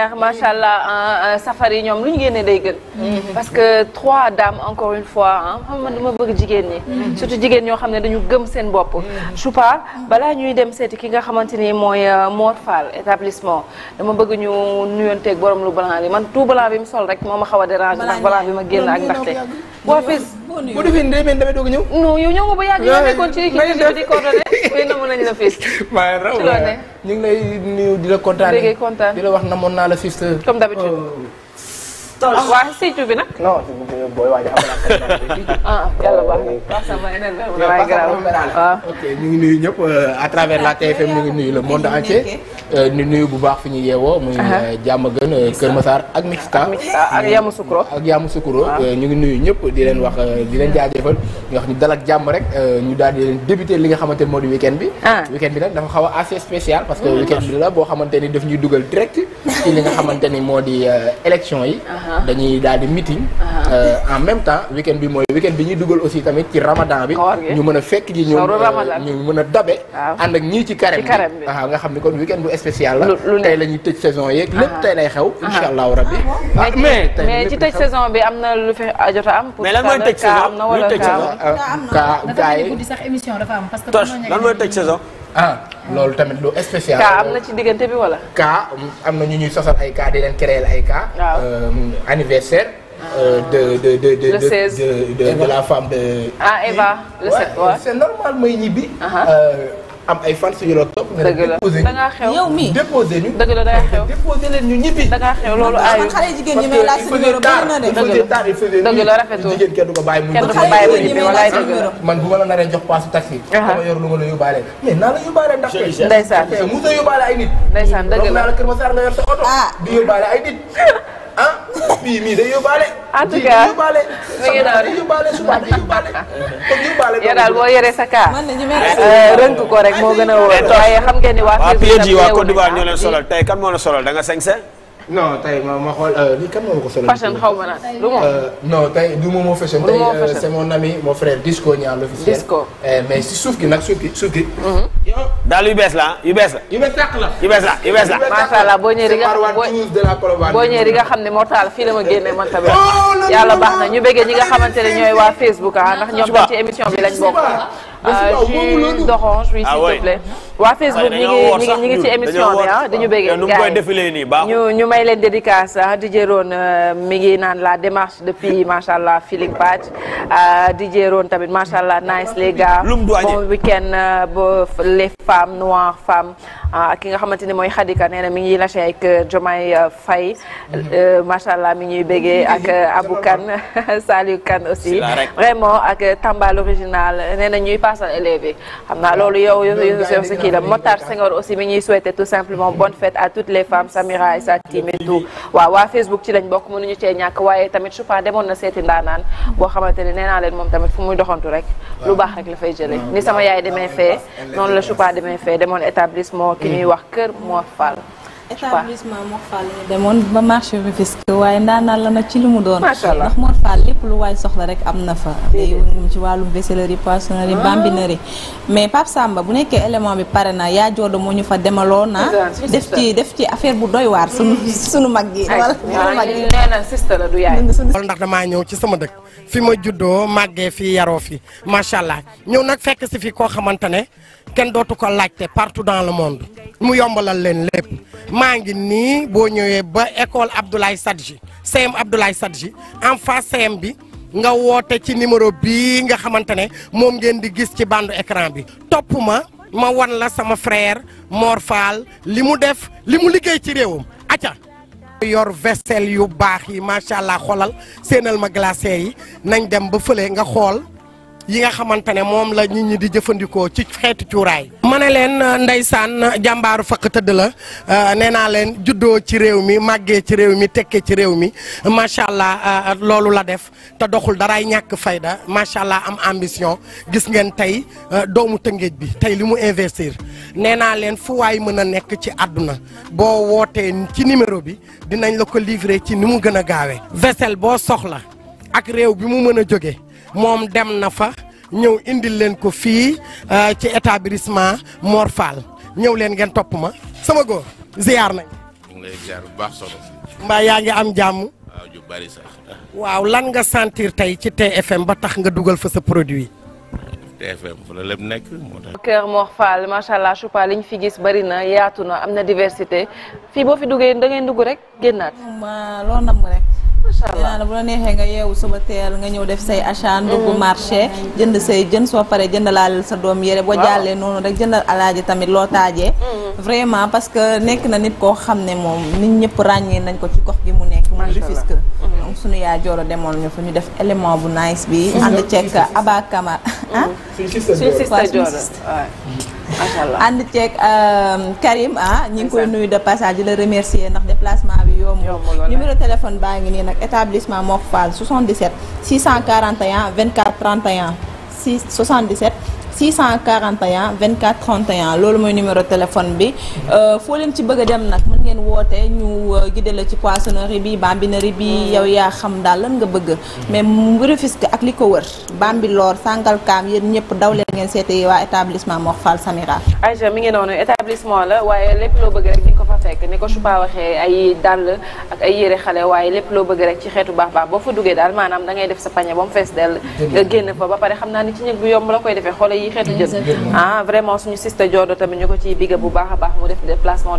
mer macha allah euh, safari ñoom lu ñu génnee day gën. Mhm. parce que trois dames encore une fois ah man dama bëgg jigéen ñi. Mhm. surtout jigéen ñoo xam ne dañu gëm seen bopp. Choupa mhm. balaa ñuy dem seeti ki nga xamante ni mooy euh, Mor Fall établissement dama bëgg ñu nuyonteeg borom lu blanc li man tout blanc bi mu sol rek moo ma xaw a déranger ndax blanc bi ma génn ak ndaxte. waa fii yow ñëw ba yàgg yow nekkoon ci kii di coordonné. may namu nañ la fii. maa ngi raw ñu ngi lay nuyu di la kontaan di la wax namoon naa la fii sa. comme oh. bi nag. non ngi nuyu ñëpp euh, à travers la TFM ñu ngi nuyu la monde entier. Euh, ñu nuyu bu baax fi ñu yeewoo. muy euh, jàmm gën Kër Massar ak Mixta. ak yamu ak Yamoussoukro ah. ñu ngi nuyu ñëpp di leen wax di leen jaajëfal. ñu wax ñu dal ak jàmm rek euh, ñu daal di leen li nga xamante ni moo di weekend bi. Ah. weekend bi nag dafa xaw a assez spécial. parce que mm. weekend bi la boo xamante ni daf ñuy dugal direct. ci li nga xamante ni moo di euh, élection yi. Ah. dañuy daal di meeting. Ah. Euh, en même temps week bi mooy week bi ñuy dugal aussi tamit ci ramadan bi ñu mën a fekk ji ñu euh, ñu mën a dabe ànd ak ñii ci carême bi waaw nga xam ni kon week-end bu spécial la tey la ñuy tëj saison yeeg lépp tey lay xew insha allahu rabbi mais ah, mais ci tëj saison bi am na lu fi jot am pour mais lan am na wala kaa euh, kaa yi guddi parce que lan mooy tëj saison ah loolu tamit lu spécial kaa am na ci diggante bi wala kaa am na ñu ñuy sosal ay kaa di leen créer ay kaa anniversaire Euh, de de de la femme de. ah Eva le 7 waaw c'est normal may ñibbi. Uh-huh. Euh, am ay fan suñu la topp. dëgg la da ngaa xew yow mii déposé ñu. da ngaa xew déposé leen ñu ñibbi. da ngaa xew loolu aayul xale jigéen ñi may laaj numéro bëri na de. dëgg la rafetul jigéen kenn du ko bàyyi mu ñibbi walaay dëgg la man bu ma la naree jox paasu taxi. Uh-huh. dama yor lu ma la yóbbaale mais naa la mu sa yóbbaale ay nit. ndeysaan dëgg la naa la Kër Masar yor sa oto. Ah. di yóbbaale ay nit. bii mii day yóbbaale. en tout cas yóbbaale. mi day yóbbaale suba day yóbbaale. comme yóbbaale. yow daal boo yoree sa kaa. rënk ko rek moo gën a wóor. waaye xam ngeen ni waa. waa Côte d'Ivoire ñoo leen solal tey kan moo la solal da nga sañse non tey ma ma xool euh, lii kan moo ma ko solo. fashion xaw ma naan du moom. non tey du moom moo fashion. du moom tey euh, c'est mon ami mon frère Disco ñaar l'officiel. Disco eh, mais si suuf gi nag suuf gi suuf gi. Mhm. daal yu bees la yu bees la. yu bees tàq la yu bees la boo ñëwee di nga boo ñëwee di nga xam ne moo taal fii la ma génnee man tamit. Oh, yàlla baax na ñu bëggee ñi nga xamante ne ñooy waa Facebook ah ndax ñoom ci émission bi lañ bokk. Euh, jus d'orange oui ah s'il te plaît. waa Facebook ñi ngi ci émission bi ah dañu bëgg gars ñu may leen sa di DJ Ron mi ngi naan la démarche depuis macha allah feeling patch euh, DJ Ron tamit macha allah nice les gars bon week-end euh, les femmes noires femmes. Ah, ki nga xamante ni mooy xadika nee na mi ngi lâché ak Jomaay euh, euh, Faye mhm. euh, macha mi ñuy béggee mhm. ak Abou Kane Saliou Kane aussi vraiment ak Tamba l'original nee na ñuy paasal élèves yi xam naa loolu yow yow si kii la Motar Senghor aussi mi ñuy souhaiter tout simplement bonne fête à toutes les femmes Samira et sa team et tout waaw waa Facebook ci lañ bokk mënuñu cee ñàkk waaye tamit Choupa demoon na seeti ndaanaan boo xamante ne nee naa leen moom tamit fu muy doxantu rek lu baax rek la fay jëlee ni sama yaay demee fee noonu la ki ñuy wax kër Mor Fall. établissement Mor Fall la demoon ba marché Rufisque waaye ndaanaan la nag ci li mu doon. macha allah ndax Mor lépp lu waay soxla rek am na fa. ci wàllu wàllum vaisselerie poissonnerie ah. bambinerie. mais Pape Samba bu nekkee élément bi pare na yaa joodo moo ñu fa demaloon na def ci def ci affaire bu doy waar. sunu sunu mag yi. wala sunu mag yi ndax damaa ñëw ci sama dëkk. fi ma juddoo màggee fi yaroo fi macha allah ñëw nag fekk si fi koo xamante ne kenn dootu ko laajte partout dans le monde mu yombalal leen lépp maa ngi nii boo ñëwee ba école Abdoulaye Sadji CM Abdoulaye Sadji en face CM bi nga woote ci numéro bi nga xamante ne moom ngeen di gis ci bandu ecran bi topp ma ma wan la sama frère Mor li mu def li mu liggéey ci réewam acca yor vaisselle yu baax yi macha allah xoolal séenal ma glacé yi nañ dem ba fële nga xool. yi nga xamante ne moom la nit ñi di jëfandikoo ci xeetu cuuraay. ma ne leen ndeysaan jàmbaaru fakk tëdd la euh, nee naa leen juddoo ci réew mi màggee ci réew mi tekkee ci réew mi macha allah euh, loolu la def te doxul daraay ñàkk fayda macha allah am ambition gis ngeen tey euh, doomu tëngéej bi tey li mu investir nee naa leen fu waay mën a nekk ci àdduna boo wootee ci numéro bi dinañ la ko livrer ci ni mu gën a gaawee. vaisselle boo soxla ak réew bi mu mën a jóge moom dem na fa ñëw indil leen ko fii euh, ci établissement Mor Fall ñëw leen ngeen topp ma sama góor ziar nañ. ñu ngi lay yaa ngi am jàmm. waaw ju bari lan nga sentir tey ci TFM ba tax nga dugal fa sa produit. TFM fu la lépp nekk moo tax. Kër Mor Fall macha allah Choupa li ñu fi gis bari na yaatu na am na diversité fii boo fi duggee da ngay dugg rek génnaat. ma loo nam rek. macha allah dinaa la bu la neexee nga yeewu suba teel nga ñëw def say achat ndugg mm-hmm. marché jënd say jën soo paree jëndalaaleel sa doom yére boo jàllee noonu rek jëndal alaaji tamit loo taajee mm-hmm. vraiment parce que nekk na nit koo xam ne moom nit ñëpp ràññee nañ ko ci gox gi mu nekk muy Rufisque mm-hmm. donc sunu yaay jooro demoon ñu fa ñu def élément bu nice bi ànd ceeg Aba Kamara ah suñu sista macha allah ànd ceeg um, Karim a ah, ñu ngi koy nuyu de passage di la remercier ndax déplacement bi yomb. numéro téléphone baa ngi nii nag établissement Mor Fall 77 641 24 31 6 77. 641 24 31 loolu mooy numéro téléphone bi euh, foo leen ci bëgg a dem nag mën ngeen wootee ñu euh, gidde la ci poissonnerie bi bambinerie bi yow yaa xam daal lan nga bëgg mais mu Rufisque ak li ko wër Bambilor Sangalkam yéen ñëpp daw leen ngeen seeti waa établissement Mor Fall Samira Aïcha mi ngi noonu établissement la waaye lépp loo bëgg rek di ko fa fekk ni ko Choupa waxee ay dàll ak ay yére xale waaye lépp loo bëgg rek ci xeetu baax baax boo fa duggee daal maanaam ci xeetu jën ah vraiment suñu sister Joodo tamit ñu ko ciy bigga bu baax a baax mu def déplacement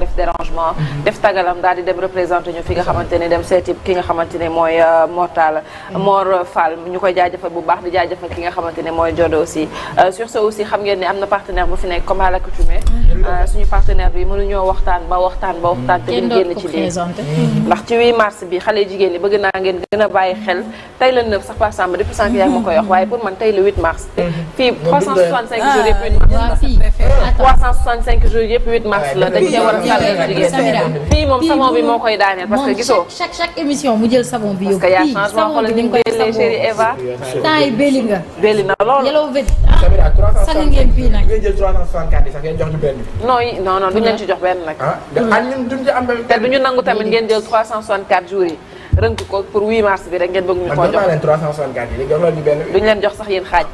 def tagalam daal di dem représenté ñu fi nga xamante ne dem seeti ki nga xamante ne mooy euh, Mortal Mor Fall ñu koy jaajëfal bu baax di jaajëfal ki nga xamante ne mooy Joodo aussi euh, sur ce aussi xam ngeen ne am na partenaire bu fi nekk comme à l'accoutumée euh, suñu partenaire bi mënuñoo waxtaan ba waxtaan ba waxtaan te duñ génn ci lii mm-hmm. ndax ci 8 mars bi xale jigéen ñi bëgg naa a bàyyi xel tey 365 jours yëpp 8 mars la 365 jours yëpp 8 mars la dañ cee war a sàrgal jigéen fii moom savon bi moo koy daaneel parce que gisoo chaque chaque émission mu jël savon bi yóbbu fii savon bi dañ koy savon chérie Eva temps yi belli nga belli na lool yellow vet sang ngeen fii nag ngeen jël 364 yi sax ngeen jox ñu benn non non non duñ leen ci jox benn nag ah, ah, te duñu nangu tamit ngeen jël 364 jours yi rënk ko pour 8 mars bi rek ngeen bëgg ñu koo jox. man 364 yi duñ leen jox sax yéen xaaj.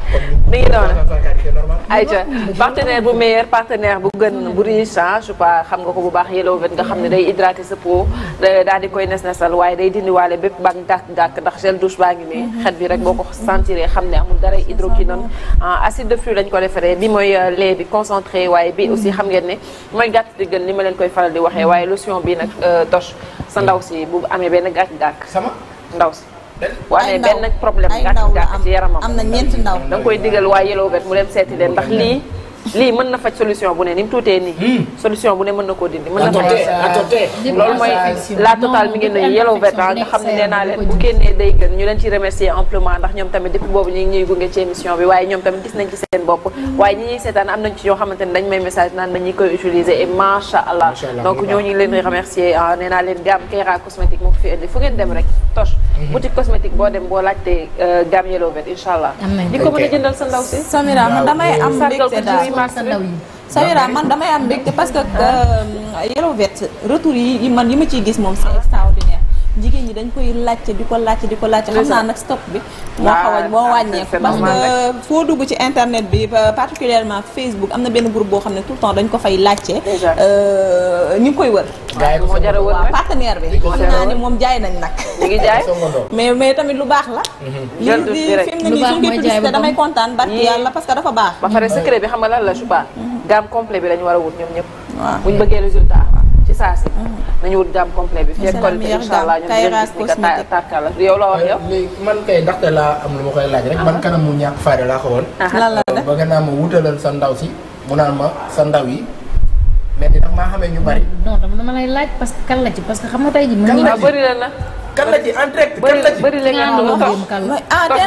mi ngi doon ayca partenaire bu meilleur partenaire bu gën bu riche ah je sais xam nga ko bu baax Yellow Vein nga xam ne day hydrater sa peau. daal di koy nes-nesal waaye day dindiwaale bépp bag dàkk-dàkk ndax gel douche baa ngi nii xet bi rek boo ko sentiree xam ne amul dara hydroquinone acide de flux lañ ko defaree bi mooy euh, lait bi concentré waaye bi aussi xam ngeen ne mooy gàtt di gën li ma leen koy faral di waxee waaye lotion bi nag euh, toche sa si bu amee benn gàtt tàkk. sama ndaw si. ay ndaw benn problème gàtt gàtt ci yaramam. am na ñeenti ndaw da nga koy digal waa yeloo gat mu dem seeti leen ndax lii. lii mën na faj solution bu ne ni mu tuutee nii. Hmm. solution bu ne mën na koo dindi. mën na faj loolu mooy la totale mi ngi Yellow Vert nga xam ne nee leen bu génnee day gën ñu leen ci remercier amplement ndax ñoom tamit depuis boobu ñu ngi ñuy ci émission bi waaye ñoom tamit gis nañ ci seen bopp hmm. waaye ñi ñuy seetaan am nañ ci ñoo xamante dañ may message naan dañuy koy utiliser et macha allah donc ñoo ñu leen remercier ah, nee leen gaam Kera cosmétique encourage sa ndaw yi. man damay am mbégte parce que euh, Yellow Vest retour yi man yi ma ciy gis moom c'est extraordinaire. jigéen ñi dañ koy laajte di ko laajte di ko laajte xam naa nag stock bi moo xaw a ah, ah, wàññeeku foo dugg ci internet bi euh, particulièrement Facebook am na benn groupe boo xam ne tout le temps dañ ko fay laajte euh, ñu ngi koy wër partenaire bi xam naa ni moom jaay nañ nag mais mais tamit lu baax la mhm. lii di fi mu ne nii suñu koy publicité damay kontaan barki yàlla parce que dafa baax ba pare bi xam nga lan la Chouba mhm. gamme complet bi lañu war a wut ñoom ñëpp buñ bëggee résultat saa si. Mhm. nañu wut gamme complet bi. fii ak qualité incha allah ñu ngi gis ni que tàkkal la yow la wax yow. Ah, léegi man kay ndaxte laa am lu ma koy laaj rek. man kanam mu ñàkk fayda laa ko woon. lan la de ba nga naan ma wutalal sa ndaw si mu naan ma sa ndaw yi. mais dina maa xamee ñu bari. non dama dama lay laaj parce que kan la ci parce que xam nga tey jii. kan la ah, ci bëri la la. kan la ci en direct kan la ci bëri la nga xam ne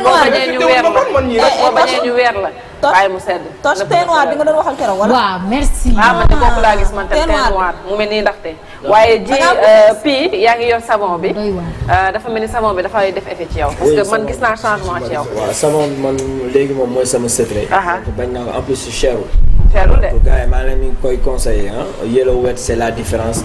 moom la ñu weer la. bàyyi mu sedd. toj thé noir bi nga doon waxal keroog wala. waaw merci. waaw man de kooku laa gis man tam thé noir mu mel nii ndaxte. waaye ji euh, pii yaa ngi yor savon bi. Euh, dafa mel ni savon bi dafay def effet ci yow. parce que man gis naa changement ci yow. waaw savon man léegi moom mooy sama secret. bañ naa ko en plus cherul. cherul de. gars yi maa ngi leen koy conseillé ah. yellow wet c'est la différence.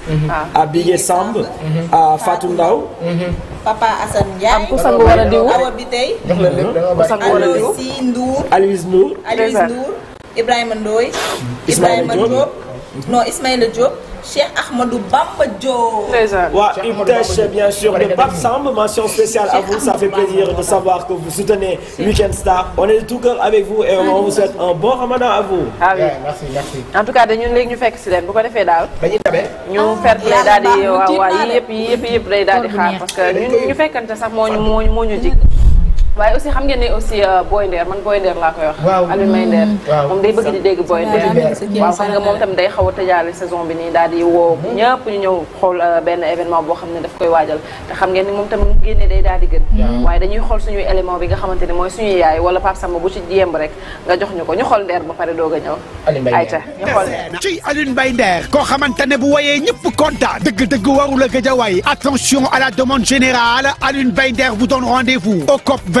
à mm-hmm. Bigé Samb. à Fatou mm-hmm. Ndaw. Mm-hmm. papa Assane Ndiaye. am ku sang war a diw Awa Bitey. jox leen lépp da nga bàyyi ku sang war a diw Ibrahima Ndoye. Ibrahima Diop non Cheikh Ahmadou Bamba Diop. waa une tâche bien sûr de Pape Samb mention spéciale à vous ça fait plaisir de savoir que vous soutenez Weekend on est de tout cœur avec vous et on vous souhaite un bon Ramadan à vous. ah oui merci merci. en tout cas dañu léegi ñu fekk si leen bu ko defee daal. dañuy demee. ñu ah, fekk lay daal di waaw waaw yëpp yëpp yëpp lay daal di xaar parce que ñu fekkante sax moo ñu moo waaye aussi xam ngeen ne aussi euh, Boy Nder man Boy Nder laa koy wax. waaw Alioune Mbaye mm. moom day bëgg di dégg Boy Nder. waaw xam nga moom tam day xaw a tëjaale saison bi nii daal di woo mm-hmm. ñëpp ñu ñëw xool euh, benn événement boo xam ne daf koy waajal te xam ngeen ni moom tam mu génnee day daal di gën. Mm-hmm. waaye dañuy xool suñuy élément bi nga xamante ne mooy suñuy yaay wala Pape Samba bu ci yemb rek nga jox ñu ko ñu xool Nder ba pare doog a ñëw. Alioune Mbaye ñu xool ci Alioune koo xamante ne bu woyee ñëpp kontaan dëgg-dëgg warul a a way attention à la demande générale Alioune Mbaye Nder vous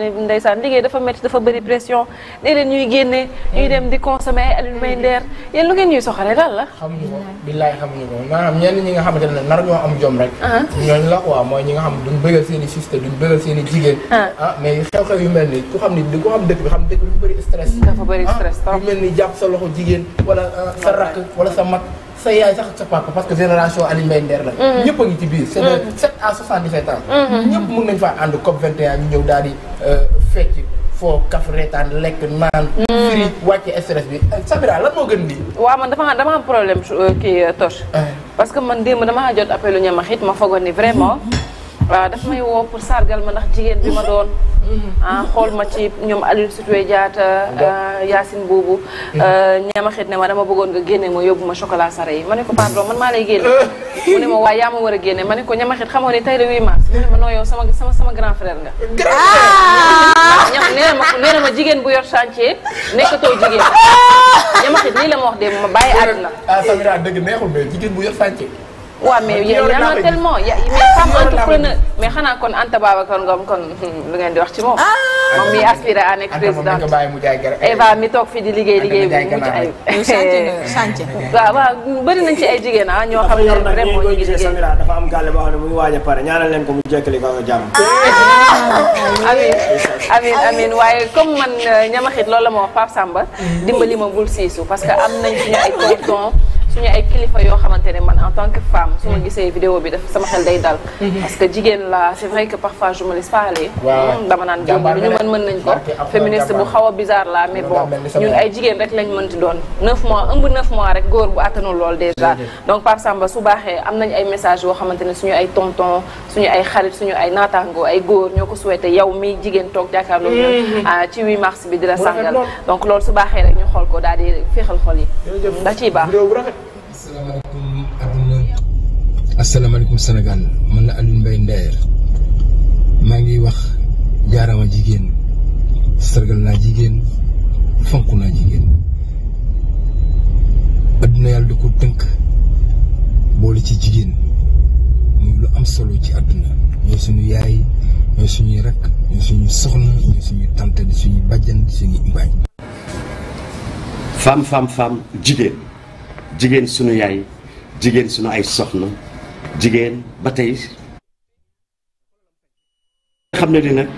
ne ndeysaan liggéey dafa métti dafa bëri pression léeg-léeg ñuy génne ñuy dem di consommer ay Alioune Mbaye Nder yéen lu ngeen ñuy soxale daal la xamuñu ko billaay xamuñu ko maanaam ñenn ñi nga xam ne nar ñoo am jom rek ah. ñooñu la quoi mooy ñi nga xam duñ bëggal seen i jigéen ah. ah mais xew-xew yu xam ni xam dëkk bi xam dëkk bi dafa bëri stress dafa bëri ah, stress trop yu mel ni jàpp sa loxo jigéen wala sa rakk wala sa mag sa yaay sax ak parce que génération Aliou Mbaye Nder la. Mm-hmm. ñëpp a ngi ci biir. c'est de 7 mm-hmm. à 77 ans. Mm-hmm. ñëpp mën nañ faa ànd COP 21 ñu ñëw daal di euh, fecc foo kaf reetaan lekk naan. firi wàcce stress bi euh, Sabira lan moo gën di. waaw man dafa dama am problème euh, kii Toch. Ah. parce que man démb damaa jot appelu ñamaxit ma foogoon ni vraiment. waaw dafa may woo pour sargal ma ndax jigéen bi ma doon. Mm-hmm. ah xool ma ci ñoom Aliou Sitoé Diatta mm-hmm. ah, Yacine boobu. ñeema mm-hmm. euh, xit ne ma dama bëggoon nga génne ma yóbbu ma chocolat sare yi ma ne ko pardon man maa lay génne. mu ne ma waaye yaa ma war a génne ma ne ko ñeema xit xamoo ne tey la 8 mars mu sama sama sama grand frère nga. Ah! nee na ma jigéen bu yor chantier nekkatoo jigéen ñeema xit lii la ma wax de ma bàyyi àdduna. ah Samira dëgg neexul mais jigéen bu yor chantier. waaw mais y en a a mais xanaa kon Anta Babacar Ngom kon lu ngeen di wax ci moom. Ah! moom mi aspiré à nekk présidente Eva mi toog fi di liggéey liggéey bu mucc ayib. waaw waaw bëri nañ ci ay jigéen ah ñoo xam ne vraiment ñu ngi liggéey. dafa am gale boo xam ne mu ngi waaj a pare ñaanal leen ko mu jekkali ba nga jàmm. Ah! amiin amiin amiin waaye comme man euh, ñamaxit loolu la moo wax Pape mm-hmm. dimbali ma bul siisu parce que am nañ suñu ay suñu ay kilifa yoo xamante ne man en tant que femme su ma mm-hmm. gisee vidéo bi daf sama xel day dal mm-hmm. parce que jigéen la c'est vrai que parfois je me laisse parler dama naan jom lu ñu mën mën nañ ko féministe bu xaw a bizarre la mais bon ñun ay jigéen rek lañ mënti doon neuf mois ëmb neuf mois rek góor bu attanul lool déjà donc Pape Samba su baaxee am nañ ay message yoo xamante ne suñu ay tonton suñu ay xarit suñu ay naataango ay góor ñoo ko souhaité yow mi jigéen toog jàkkaarloo ñun mm-hmm. ah, ci bi di la sàngal donc loolu su baaxee rek ñu xool ko daal di féexal xol yi asalaamaaleykum adduna asalaamaaleykum Sénégal man la Alioune Mbaye Nder maa ngi wax jaarama jigéen sargal naa jigéen fonk naa jigéen adduna yàlla da ko tënk boole ci jigéen muy lu am solo ci adduna ñooy suñu yaay ñooy suñuy rakk ñooy suñu soxna ñooy suñu tante di suñu bàjjan suñu mbaañ femme femme femme jigéen jigéen sunu yaay jigéen sunu ay soxna jigéen ba tey xam ne ni nag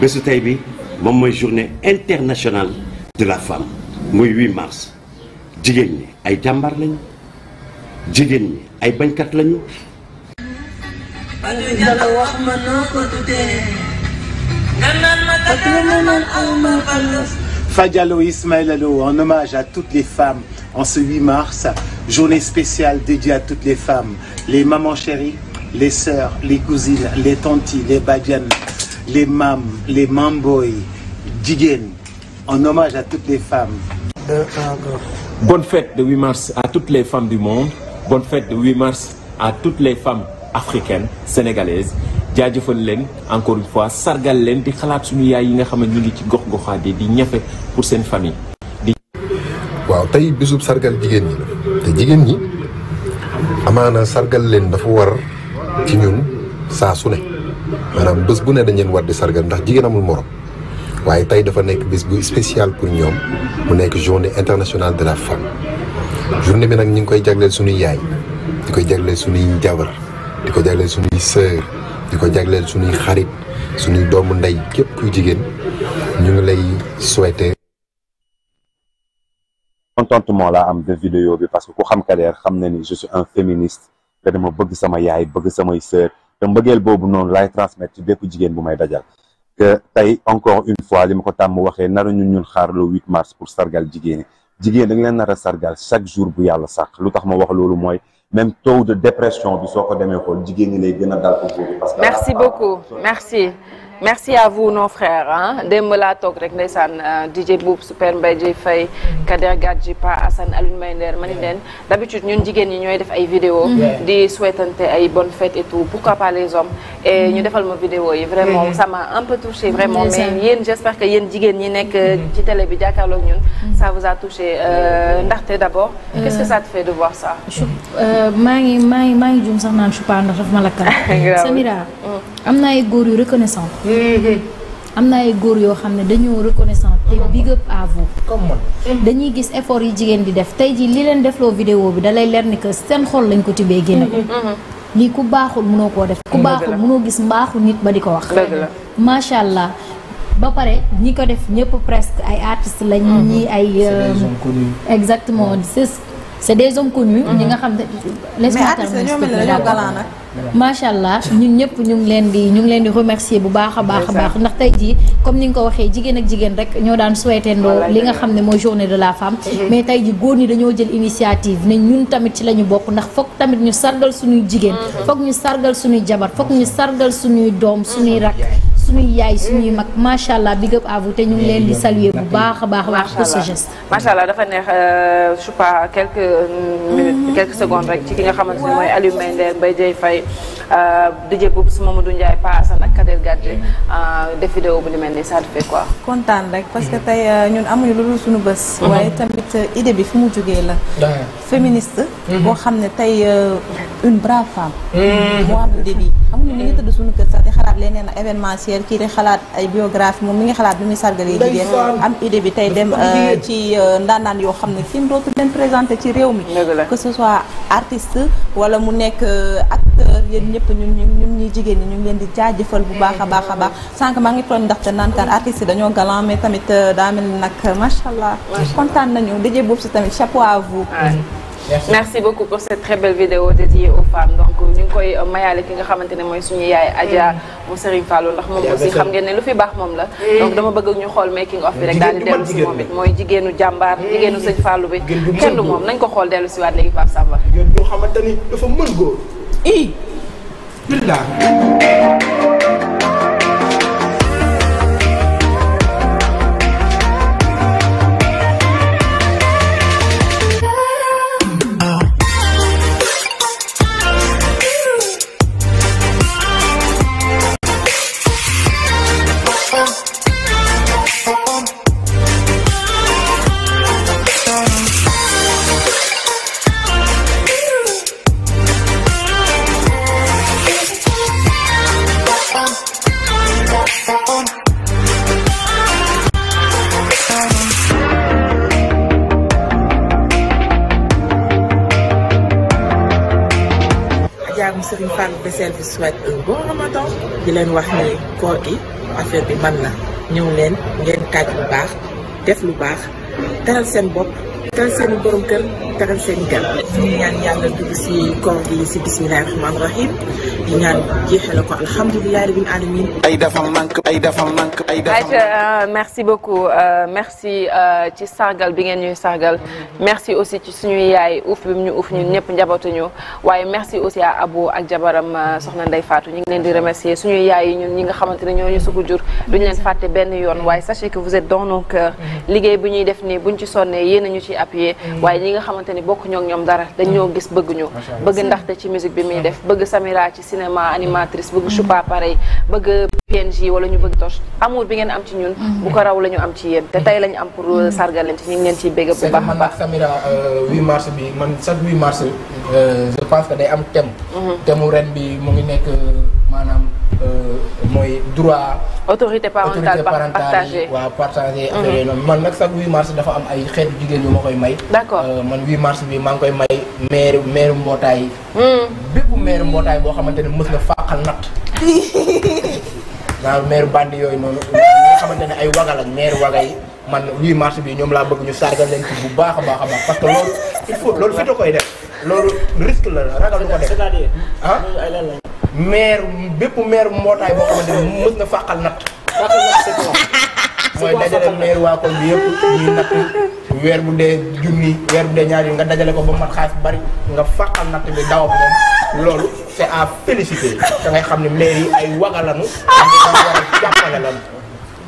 bésu tey bi moom mooy journée internationale de la femme muy 8 mars jigéen ñi ay jàmbar lañu jigéen ñi ay bañkat lañu Fadialo Ismaïla Lo en hommage à toutes les femmes en ce 8 mars, journée spéciale dédiée à toutes les femmes, les mamans chéries, les sœurs, les cousines, les tantis, les badianes, les mams, les mamboy, jigéen, en hommage à toutes les femmes. Bonne fête de mars à toutes les femmes du monde. Bonne fête de 8 mars à toutes les femmes africaines, sénégalaises. jaajëfal leen encore une fois sargal leen di xalaat suñu yaay yi nga xam ne ñu ci gox goxaat yi di ñafe pour seen famille waaw tey bisub sargal jigéen ñi la te jigéen ñi amaana sargal leen dafa war ci ñun saa su ne maanaam bés bu ne dañ leen war di sargal ndax jigéen amul morom waaye tey dafa nekk bis bu spécial pour ñoom mu nekk journée internationale de la femme journée bi nag ñu ngi koy jagleel suñuy yaay di koy jagleel suñuy jabar di ko jagleel suñuy sœur di ko jagleel suñuy xarit suñuy doomu ndey képp kuy jigéen ñu ngi lay souhaiter contentement laa am de bi parce que ku xam Kader xam na ni je suis un féministe te dama bëgg sama yaay bëgg samay sœur te mbëggeel boobu noonu laay transmettre ci bépp jigéen bu may dajal que tey encore une fois li ma ko tàmm waxee nara ñun ñun xaar le 8 mars pour sargal jigéen jigéen dañ leen nar a sargal chaque jour bu yàlla sàq lu tax ma wax loolu mooy même taux de dépression bi soo ko demee xool jigéen ñi lay gën a dal ko góor parce que merci ah, merci à vous nos frères ah démb laa toog rek ndeysaan euh, DJ Boub Super mbay Dieye Faye Kader Gadji Pa Assane Alioune may Nder ma ni leen d'habitude ñun jigéen ñi ñooy def ay vidéo di souhaitante ay bonne fête et tout pourquoi pas les hommes et mm-hmm. ñu defal ma vidéo yi vraiment sama mm-hmm. m'a un peu touché vraiment mais yéen j'espère que yéen jigéen ñi nekk euh, mm-hmm. ci télé bi jàkkaarloog ñun ça vous a touché euh, ndaxte d'abord qu'est-ce que ça te fait de voir ça maa ngi maa ngi maa ngi juum sax naan je parle ma lakkal Samira mm. am na ay góor yu reconnaissant am na ay góor yoo xam ne dañoo reconnaissant te big up à vous. comme man dañuy gis effort yi jigéen di def tey jii li leen defloo vidéo bi dalay leer ni que seen xol lañ ko tibbee génne ko. Mm-hmm. Mm-hmm. lii ku baaxul mënoo koo def. ku mm-hmm. baaxul mënoo gis mbaaxu nit ba di ko wax. macha allah ba pare ñi ko def ñëpp presque ay artistes lañ. ñii ay. Euh, exactement c'est des hommes connus. ñi nga xam ne. les mais artistes ñoo mel nag. macha allah ñun ñëpp ñu ngi leen di ñu ngi leen di remercier bu baax a baax a baax ndax tey jii comme ni nga ko waxee jigéen ak jigéen rek ñoo daan souhaité ndoo li nga xam ne mooy journée de la femme mhm. mais tey ji góor ñi dañoo jël initiative ne ñun tamit ci la ñu bokk ndax foog tamit ñu sargal suñuy jigéen mhm. foog ñu sargal suñuy jabar foog ñu sargal suñuy doom suñuy rak suñuy yaay suñuy mag macha allah big up à vous te ñu ngi leen di saluer bu baax a baax wax pour ce geste. allah dafa neex euh, je pas quelques minutes mm-hmm. quelques secondes rek ci ki nga xamante ne mooy Aliou ba Mbaye Dieye Faye euh, DJ Boubs Mamadou Ndiaye Pa Assane ak Kader Gadji euh, def vidéo bu ni mel nii ça fait quoi. kontaan rek parce que tey ñun amuñu lu dul suñu bës. Mm-hmm. waaye tamit idée bi fu mu jógee la. féministe. Mm-hmm. boo xam ne tey une brave femme. moo am idée bi xam nga ñu jigéen kii xalaat ay biographie moom mi ngi xalaat bi muy sargalee jigéen am idée bi tey dem euh, ci euh, ndaanaan yoo xam ne kenn dootu leen présenté ci réew mi que ce soit artiste wala mu nekk euh, acteur yéen ñëpp ñun ñun ñuy jigéen ñi ñu ngi leen di jaajëfal bu baax a baax a baax sànq maa ngi tooñ ndaxte naan kan artiste yi dañoo galant mais tamit daa mel nag macha allah kontaan nañu dajee boobu si tamit chapeau à vous Merci. merci beaucoup pour cette très belle vidéo dédiée aux femmes donc ñu koy mayaale ki nga xamante ne mooy suñu yaay Adja bu mm. Serigne Fallou ndax moom aussi xam ngeen ne lu fi baax moom la mm. donc dama bëgg ñu xool making of bi rek daal di dellu si moom it mooy jigéenu jàmbaar mm. jigéenu sëñ Fallou bi kenn moom nañ ko xool dellu si waat léegi Pape Samba jigéen ñoo xamante ni dafa vaisselle vous di leen wax ni koor gi affaire bi mën na ñëw leen ngeen taaj lu baax def lu baax teral seen bopp teral seen i borom kër teral seen i gan. si koor gi si bismillahi rahmaani rahim di ñaan ay dafa manque ay dafa manque ay dafa euh, merci beaucoup euh, merci euh, ci sargal bi ngeen ñuy sargal merci aussi ci suñu yaay uuf bi mu ñu uuf ñun ñëpp njabootuñu waaye merci aussi a abu ak jabaram soxna Ndeye Fatou ñu ngi leen di remercier suñu yaay yi ñun ñi nga xamante ne ñoo ñu sugu jur duñu leen fàtte benn yoon waaye sachez que vous êtes dans nos cœurs mm-hmm. liggéey bu ñuy def nii buñ ci sonnee yéen ñu ci appuyer mm. waaye ñi nga xamante ni bokk ñoom dara dañoo gis bëgguñu bëgg ndaxte ci musique bi muy def bëgg Samira ci cinéma animatrice bëgg Choupa pareil bëgg PNJ wala ñu bëgg Toch amour bi ngeen am ci ñun mm. bu ko raw la ñu am ci yéen te tey lañu am pour euh, sargal leen ci ñu ngi leen ciy bégg bu baax a baax Samira 8 euh, mars bi man chaque 8 mars euh, je pense que day am thème mm-hmm. thème ren bi mu ngi nekk maanaam mooy droit. autorité parentale partagée waaw partagée. Mhm. affaire yooyu noonu man nag sax 8 mars dafa am ay xeetu jigéen yu ma koy may. d'accord euh, man 8 mars bi maa ngi koy may maire maire mbootaay. Mhm. bépp maire boo xamante ne mës na fàqal natt. waaw maire bandi yooyu noonu. xamante ne ay wagal ak maire yi man 8 mars bi ñoom laa bëgg ñu sargal leen ci bu baax a baax a baax parce que loolu. il faut loolu fi da koy def. loolu risque la ragal du def. ah maire bépp maire mbootaay boo xamante ne mës na fàqal natt. mooy dajale maire waa koñ bi yëpp ñuy natt weer bu dee junni weer bu dee yi nga dajale ko ba mat xaalis bari nga fàqal natt bi dawam moom loolu c' est à féliciter da ngay xam ne maire yi ay wagalanu. am na war a jàppale lan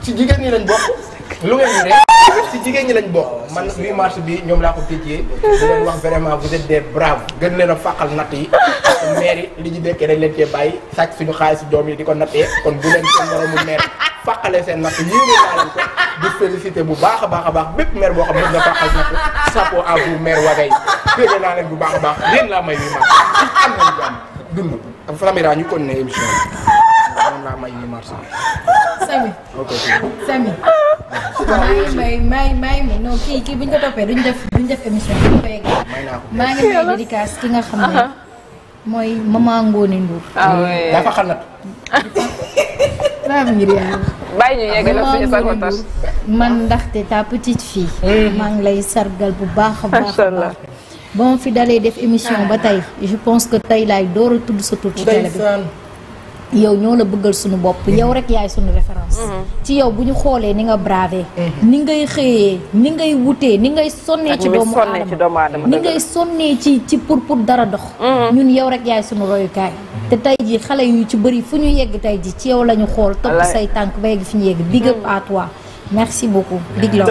ci jigéen ñi lañ bokk. dëkk. lu ngeen ñu ne si jigéen ñi lañ bokk. man 8 mars bi ñoom laa ko tijjee. di leen wax vraiment vous êtes des braves. gën leen a fàqal natt yi. maire yi li ñu dëkkee rek leen cee bàyyi sàcc suñu xaalis doom yi di ko nattee kon bu leen seen moromu maire fàqalee seen natt yéene naa leen ko di félicité bu baax a baax a baax bépp maire boo xam ne nga fàqal natt chapeau à vous maire Wagaye féete laa leen bu baax a baax yéen laa may 8 mars am nañu jàmm dund ak Flamira ñu kon ne émission bi moom laa may ñu marché. Samy. ok Samy. maa ngi ma non kii kii bu ko toppee duñ def duñ def ma bi ah, ñu koy. mooy maman Ngone Ndour. waaw dafa xalaat. raam ngir yàlla. ñu yegg la suñu sax man ndaxte ta petite fille. Mm. maa ngi lay sargal bu baax a baax. ba ma fi dalee def émission ba tey je pense que tey laay door a tudd sa tur ci télé bi yow ñoo la bëggal suñu bopp mm-hmm. yow rek yaay suñu référence mm-hmm. ci yow bu ñu xoolee ni nga bravé mm-hmm. ni ngay xëyee ni ngay wutee ni ngay sonnee ci doomu aadama ni ngay sonnee ci ci pour pour dara dox ñun yow rek yaay suñu royukaay te tey jii xale yu ci bëri fu ñu yegg tey ji ci yow la ñu xool topp say tànk ba yegg fi ñu yegg big up à toi merci beaucoup Big Lô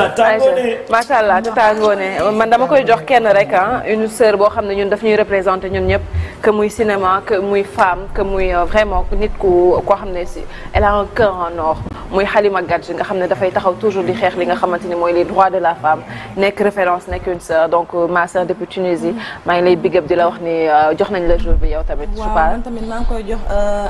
macha allah Tata Ngoné man dama koy jox kenn rek ah une sœur boo xam ne ñun daf ñuy représenter ñun ñëpp que muy cinéma que muy femme que muy euh, vraiment nit ku koo xam ne si elle a un cœur en nga xam ne dafay taxaw toujours di xeex li nga xamante ni mooy les droits de la femme nekk référence nekk une sœur donc euh, ma depuis Tunisie maa ngi lay big up di la wax ni euh, jox nañ la jour bi yow tamit waaw man tamit maa ngi koy jox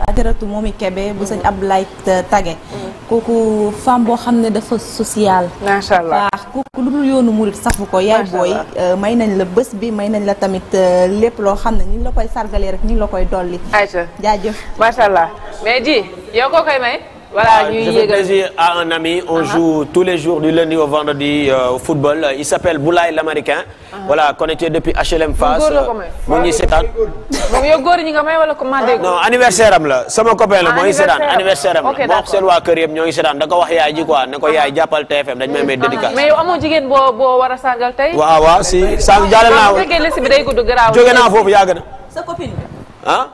Ajaratu Momi Kébé bu sëñ Abdoulaye Tagué mm. kooku femme boo xam ne dafa dafa social. macha allah baax ku lu dul yoonu murit safu ko. yaay booy euh, may nañ la bés bi may nañ la tamit euh, lépp loo xam ne ñu la koy sargalee rek ñu la koy dolli. ayca jaajëf macha allah mais di yow koo koy may. voilà ñuy ah, yëgal plaisir un ami on jou tous les jours du lundi au vendredi euh, au football il s'appelle Boulaye l'américain voilà connecté depuis HLM Fass mu ngi seetaan moom yow góor ñi nga may wala commandé non anniversaire am la sama copain la ah, moo ngi seetaan anniversaire am la moo seen waa kër yëpp ñoo ngi seetaan da ko wax yaay ji quoi ne ko yaay jàppal TFM dañ may may dédicace mais yow jigéen boo boo war a sàngal tey waaw waaw si sàng jaale naa jóge naa foofu yàgg na sa copine ah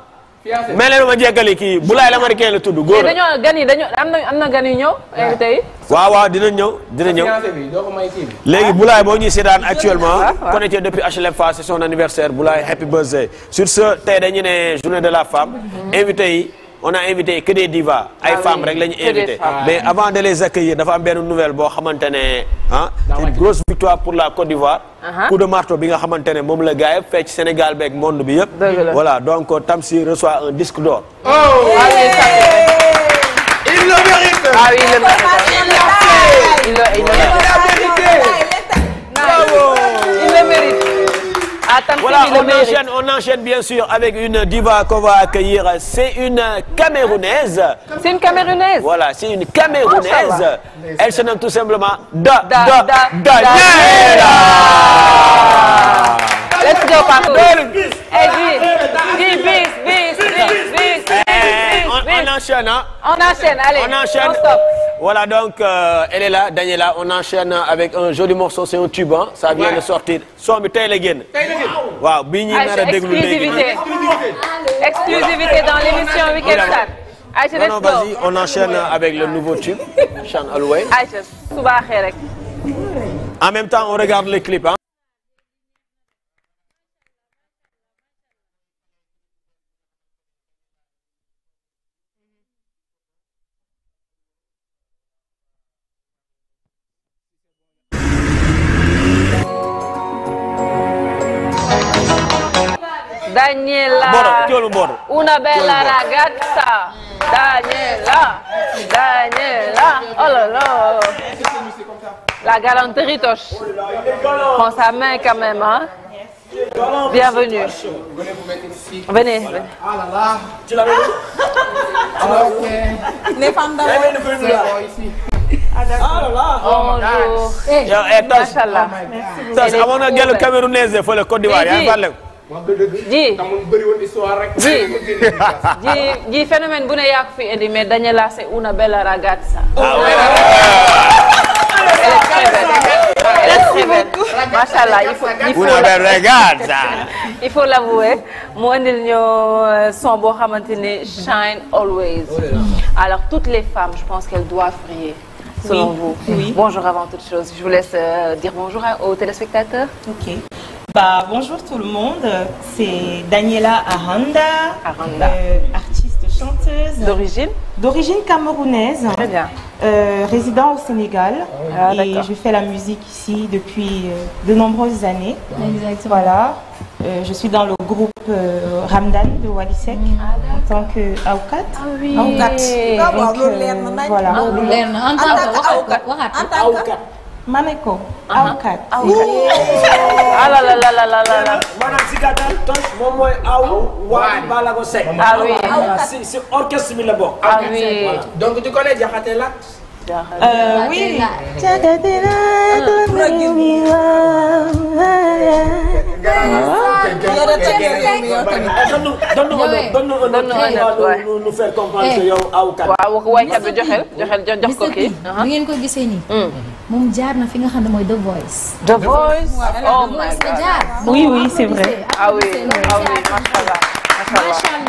mais leen ma jéggali kii Boulaye l'américain la tudd góor dañoo gan yi dañoo am na na gan yi ñëw invité yi waaw waaw dina ñëw dina ñëw léegi ah. Boulaye moo ñuy seetaan actuellement connecté depuis HLM Fass c'est son anniversaire Boulaye happy birthday sur ce tey dañu ne journée de la femme mhm. invité yi on a invité que des divas ay ah femmes rek la ñu invité mais avant de les accueillir dafa am benn nouvelle boo xamante ne ah grosse victoire pour la Côte d'Ivoire uh-huh. coup de marteau bi nga xamante ne moom la gars yëpp fecc Sénégal beeg monde bi yëpp voilà donc Tamsir reçoit un disque d'or oh ah il le mérite il le mérite voilà on enchaîne bien sûr avec une diva qu'on va accueillir c'est une camerounaise. voilà c'est une camerounaise. elle se nomme tout simplement. Da Da Da Daniela. let's go enchaîne. On enchaîne, Voilà donc euh, elle Daniela on enchaîne avec un joli morceau c'est un tube ça vient ouais. sortir son bi la génn. tey la génn waaw bi ñuy nar a déglu exclusivité dans l'émission Week-end on enchaîne avec le nouveau tube Chan Aloué. Aïcha en même temps on regarde les clips Daniela. Boro, cholo boro. Una bella ragazza. Daniela. Daniela. Oh La galanterie toche. Prends sa main Venez, venez. Ah là là. Tu l'as vu? Ah ok. Les femmes d'abord. Ah d'accord. a gagné le Camerounais, il ji ji ji phénomène bu ne yaa ko fi indi mais dañu la c'est una bella ragazza. Ah macha allah il faut il faut il faut l'avouer euh, son boo xamante ni shine always oh alors toutes les femmes je pense qu'elles doivent prier selon vous bonjour avant toute chose je vous euh, dire bonjour aux téléspectateurs Bah, bonjour tout le monde, c'est Daniela Aranda, Aranda. Euh, artiste chanteuse. D'origine camerounaise. Très euh, résident au Sénégal. Ah, et je fais la musique ici depuis euh, de nombreuses années. Voilà. je suis dans le groupe Ramdan de Walisek ah, en tant que ma ne ko. awkat. ala ah, la la la la la. maanaam si gàttal toj moom mooy aw. waali Balago Seck. ah oui ah, si si orchestre bi la bokk. ah oui donc tu connais Diakhaté Lat. Euh, oui. waaw waykat bi joxel joxel jox ko kii. bi ngeen ko gisee nii. moom jaar na fi nga xam ne mooy The Voice. The Voice. oh my God. oui oui c'est vrai. ah oui ah oui macha allah. machallah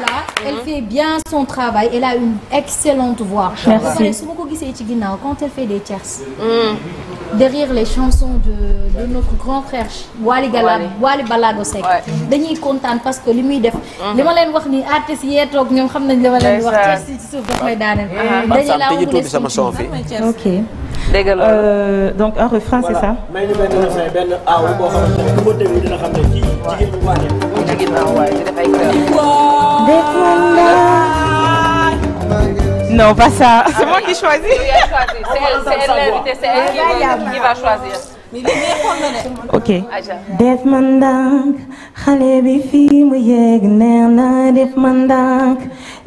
elle fait bien son travail elle a une excellente voix merci su ma ko gisee ci ginnaaw quand elle fait des tierces mm. derrière les chansons de de notre grand frère Wally Gala Wally Balago Seck dañuy kontaan parce que li muy def mm-hmm. li ma leen wax ni artistes yee toog ñoom xam nañ li ma leen wax tierces yi ci suuf daf may daaneel mm-hmm. ok euh, donc un refrain c'est ça. Non, pas ça. C'est moi qui choisis. C'est elle, c'est elle l'invitée, c'est elle qui va choisir. ok def man ndànk xale bi fii mu yegg neex na def man ndànk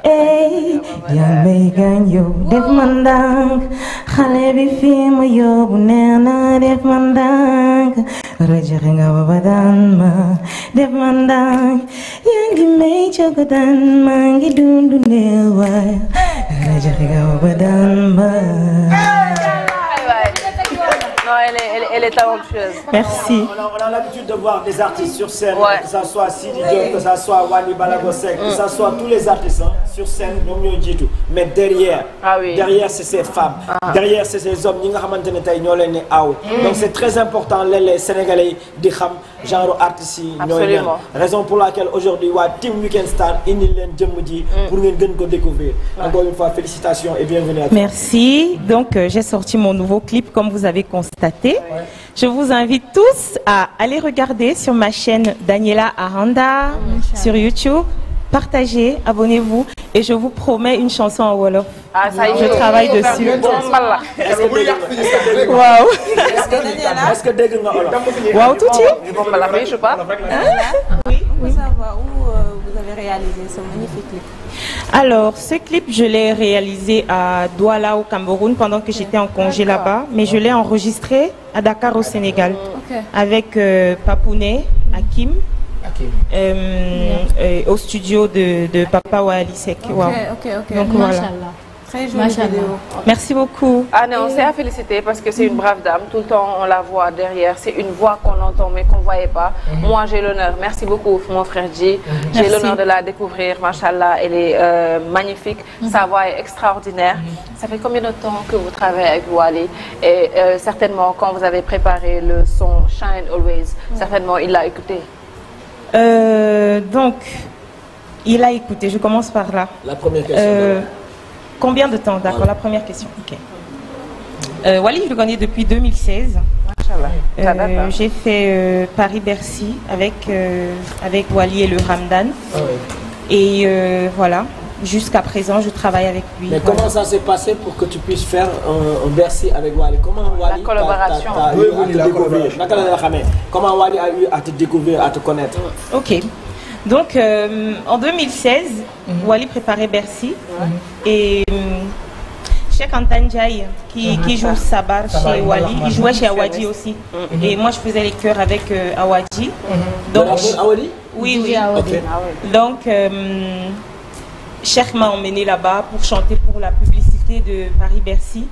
ey yaa may gaañ yow def man ndànk xale bi fi mu yóbbu neex na def man ndànk rajaxe nga ba ba daan ma def man ndànk yaa ngi may cogotaan maa ngi dundu néew waay rajaxe nga ba ba daan ma Non, elle est, elle, elle est On a, a l'habitude de voir des artistes sur scène, que ça soit Sidi que ça soit Wally Balago Seck, que ça soit tous les artistes sur scène ñoom ñoo jiitu mais derrière. Ah oui. femmes. Ah. derrière c'est ces hommes ñi nga xamante ne tey ñoo mm. donc c'est très important léeg-léeg sénégalais genre artistes yi. ñooy raison pour laquelle aujourd'hui waa team Weekend Star indi leen jëmm ji. Mm. pour ngeen gën ko découvrir. encore une fois félicitations constaté. Je vous invite tous à aller regarder sur ma chaîne Daniela Aranda oui, sur YouTube. Partagez, abonnez-vous et je vous promets une chanson ah, je travaille dessus. Waaw. Est-ce que dégg savoir où euh, vous avez réalisé ce magnifique clip. Alors, ce clip, je l'ai réalisé à Douala au Cameroun pendant que okay. j'étais en congé là-bas, mais je l'ai enregistré à Dakar au Sénégal avec euh, Papounet, Hakim. Okay. Euh, euh de, de Papa Wali Donc voilà. Très jolie vidéo. Merci beaucoup. Ah parce que c'est une brave dame. Tout le temps, on la voit derrière. C'est une voix qu'on entend mais qu'on voyait pas. Mhm. Moi, j'ai l'honneur. Merci beaucoup, mon frère G. Mhm. J'ai l'honneur de la découvrir. Machallah, elle est euh, magnifique. Mhm. Sa voix est extraordinaire. Ça fait euh, vous avez préparé le son Shine Always, certainement, il l'a écouté. Euh, donc, il a écouté. Je commence par là. Combien de temps D'accord, voilà. la première question. OK. Euh, je le connais depuis euh, j'ai fait euh, Paris-Bercy avec, euh, avec et le Ramdan. Ah et jusqu'à présent, je travaille avec lui. Mais comment ça s'est passé pour que tu puisses faire un, Bercy avec Wally Comment Wally La collaboration. T as, t as, t as oui, la collaboration. Comment Wally a eu à te découvrir, à te connaître Ok. Donc, euh, en 2016, mm -hmm. préparait Bercy. Mhm. Et euh, Cheikh Antanjai, mhm. qui, joue Sabar ça chez Wally, il jouait chez Awadi aussi. Mhm. Et je faisais les chœurs avec euh, Donc, Awadi euh, m'a emmené là-bas pour chanter pour la publicité de Paris-Bercy.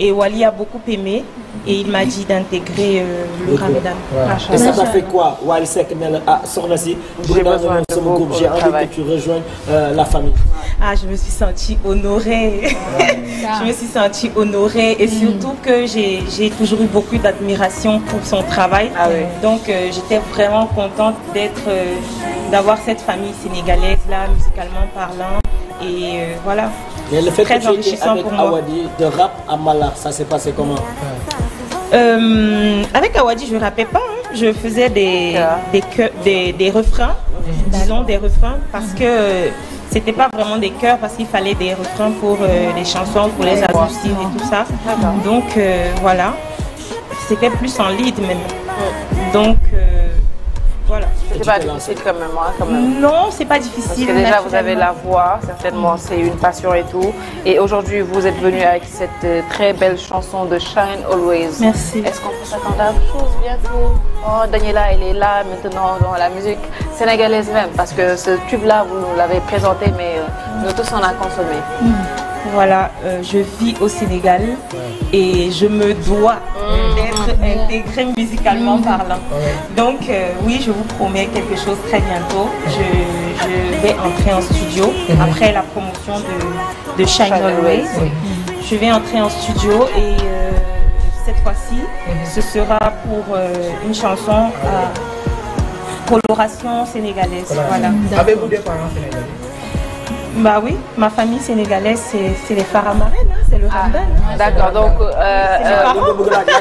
Et Wali a beaucoup aimé et il m'a dit d'intégrer euh, le Ramadan. Et ça fait quoi Wali Seck ne euh, la ah de euh, la famille. Ah, je me suis sentie honorée. je me suis sentie honorée et surtout que j'ai toujours eu beaucoup d'admiration pour son travail. Ah donc j'étais vraiment contente d'être cette famille sénégalaise là musicalement parlant et voilà. très que tu étais Amala, ça s'est passé comment euh, Avec Awadi, je ne rappais pas. Hein. Je faisais des, des, des, des refrains, disons des refrains, parce que c'était pas vraiment des chœurs parce qu'il fallait des refrains pour euh, les chansons, pour les acoustiques et tout ça. Donc euh, voilà, c'était plus en lead même. Donc euh, Voilà. C'est pas difficile quand même, hein, quand même. Non, c'est pas difficile. Parce que déjà, vous avez la voix, certainement, c'est une passion et tout. Et aujourd'hui, vous êtes venu avec cette euh, très belle chanson de Shine Always. Merci. Est-ce qu'on peut s'attendre à autre chose bientôt Oh, Daniela, elle est là maintenant dans la musique sénégalaise même. Parce que ce tube-là, vous nous l'avez présenté, mais euh, nous tous on a consommé. Mm. voilà, euh, je vis au Sénégal et je me dois mmh. d'être mmh. intégrée musicalement mmh. parlant. Donc euh, oui, je vous promets quelque chose très bientôt. Je, vais entrer en studio après la promotion de, Shine Always. Je vais entrer en studio et euh, cette fois-ci, ce sera pour euh, une chanson à coloration sénégalaise. Voilà. Bah oui, ma famille sénégalaise, c'est les Faramarènes, hein, c'est le ah, Ramadan. D'accord, donc... Euh, euh,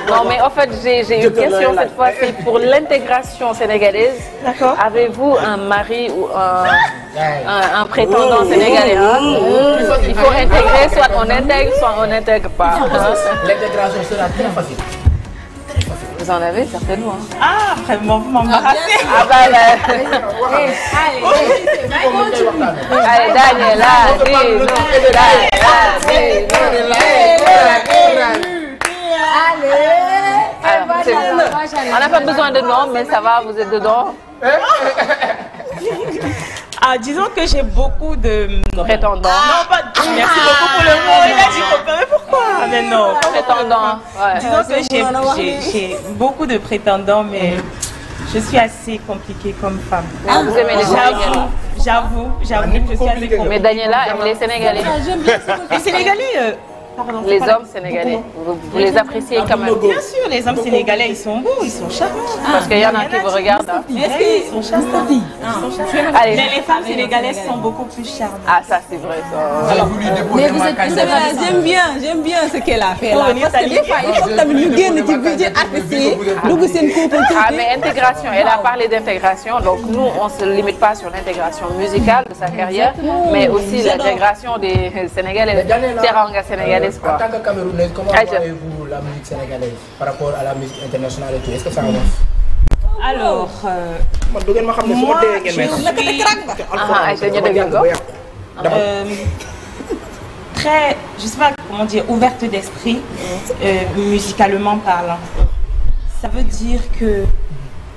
non, mais en fait, j'ai une question cette fois, c'est pour l'intégration sénégalaise. D'accord. Avez-vous un mari ou un, un, un prétendant oh, sénégalais oh, oh, Il faut intégrer, soit on intègre, soit on n'intègre pas. L'intégration sera très facile. vous en avez certainement. ah vraiment bu ma embarrassé. ah bah là. allez allez Daniela Dino Daniela Dino Daniela allez. alors on n'a pas besoin de nom mais ça va vous êtes dedans. Eh, eh, eh, Ah, disons que j'ai beaucoup de prétendants. Ah. Non, pas merci beaucoup pour le mot. Il a dit ah. Disons que j'ai beaucoup de prétendants mais je suis assez compliquée comme femme. J'avoue, j'avoue, je suis assez compliquée. Mais Daniela aime les Sénégalais. Ah, Pardon, les hommes sénégalais, vous, vous les appréciez quand même. Bien sûr, les hommes sénégalais, ils sont beaux, ils sont charmants. Parce qu'il y en a qui vous regardent. Est-ce qu'ils sont charmants ah. Mais les femmes sénégalaises sont beaucoup plus charmantes. Ah, ça, c'est vrai. Ça. Mais vous êtes j'aime bien, j'aime bien ce qu'elle a fait là. Parce que des fois, il faut tamit ñu génn ci budget artiste yi dugg seen couple. Ah, mais intégration, elle a parlé d'intégration. Donc nous, on ne se limite pas sur l'intégration musicale de sa carrière, mais aussi l'intégration des Sénégalais, Teranga sénégalais. sénégalaise quoi. en tant que camerounaise comment voyez-vous la musique sénégalaise par rapport à la musique internationale est-ce que comment dire ouverte d'esprit. Euh, musicalement parlant. ça veut dire que.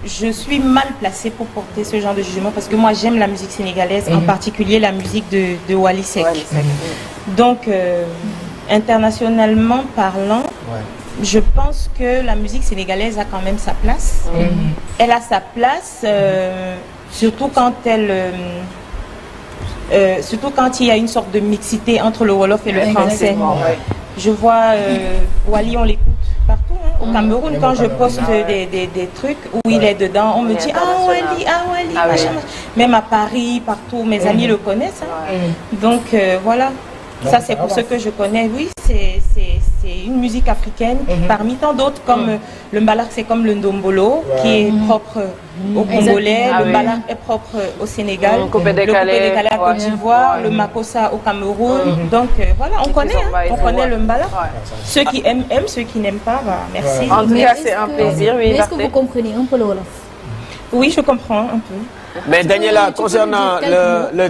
je suis mal placée pour porter ce genre de jugement parce que j'aime la musique sénégalaise en mhm. particulier la musique de de Wally donc euh, internationalement parlant, ouais. je pense que la musique sénégalaise a quand même sa place. Mm. Elle a sa place, euh, euh, euh, surtout quand il y a une sorte de mixité entre le Wolof et le Exactement, français. Je vois euh, Wally, on l'écoute partout. Hein, au mm. Cameroun, mmh, quand je poste ah, des, des, des, trucs où il est dedans, on me dit ah, ah Wally, ah Wally, ah, ouais. Même à Paris, partout, mes mmh. amis le connaissent. Mm. Donc voilà. Ça, c'est pour ce que je connais. Oui, c'est une musique africaine mhm. parmi tant d'autres, comme mhm. le mbalak, c'est comme le ndombolo, qui est propre au mhm. Congolais, le ah oui. est propre au Sénégal, le coupé décalé à Côte d'Ivoire, le makossa au Cameroun. Donc euh, voilà, on connaît, le mbalak. Ceux qui aiment, aiment, ceux qui n'aiment pas, merci. En tout cas, c'est un plaisir. Oui, Est-ce que vous comprenez le Wolof Oui, je comprends un peu. Mais Daniela, concernant le, le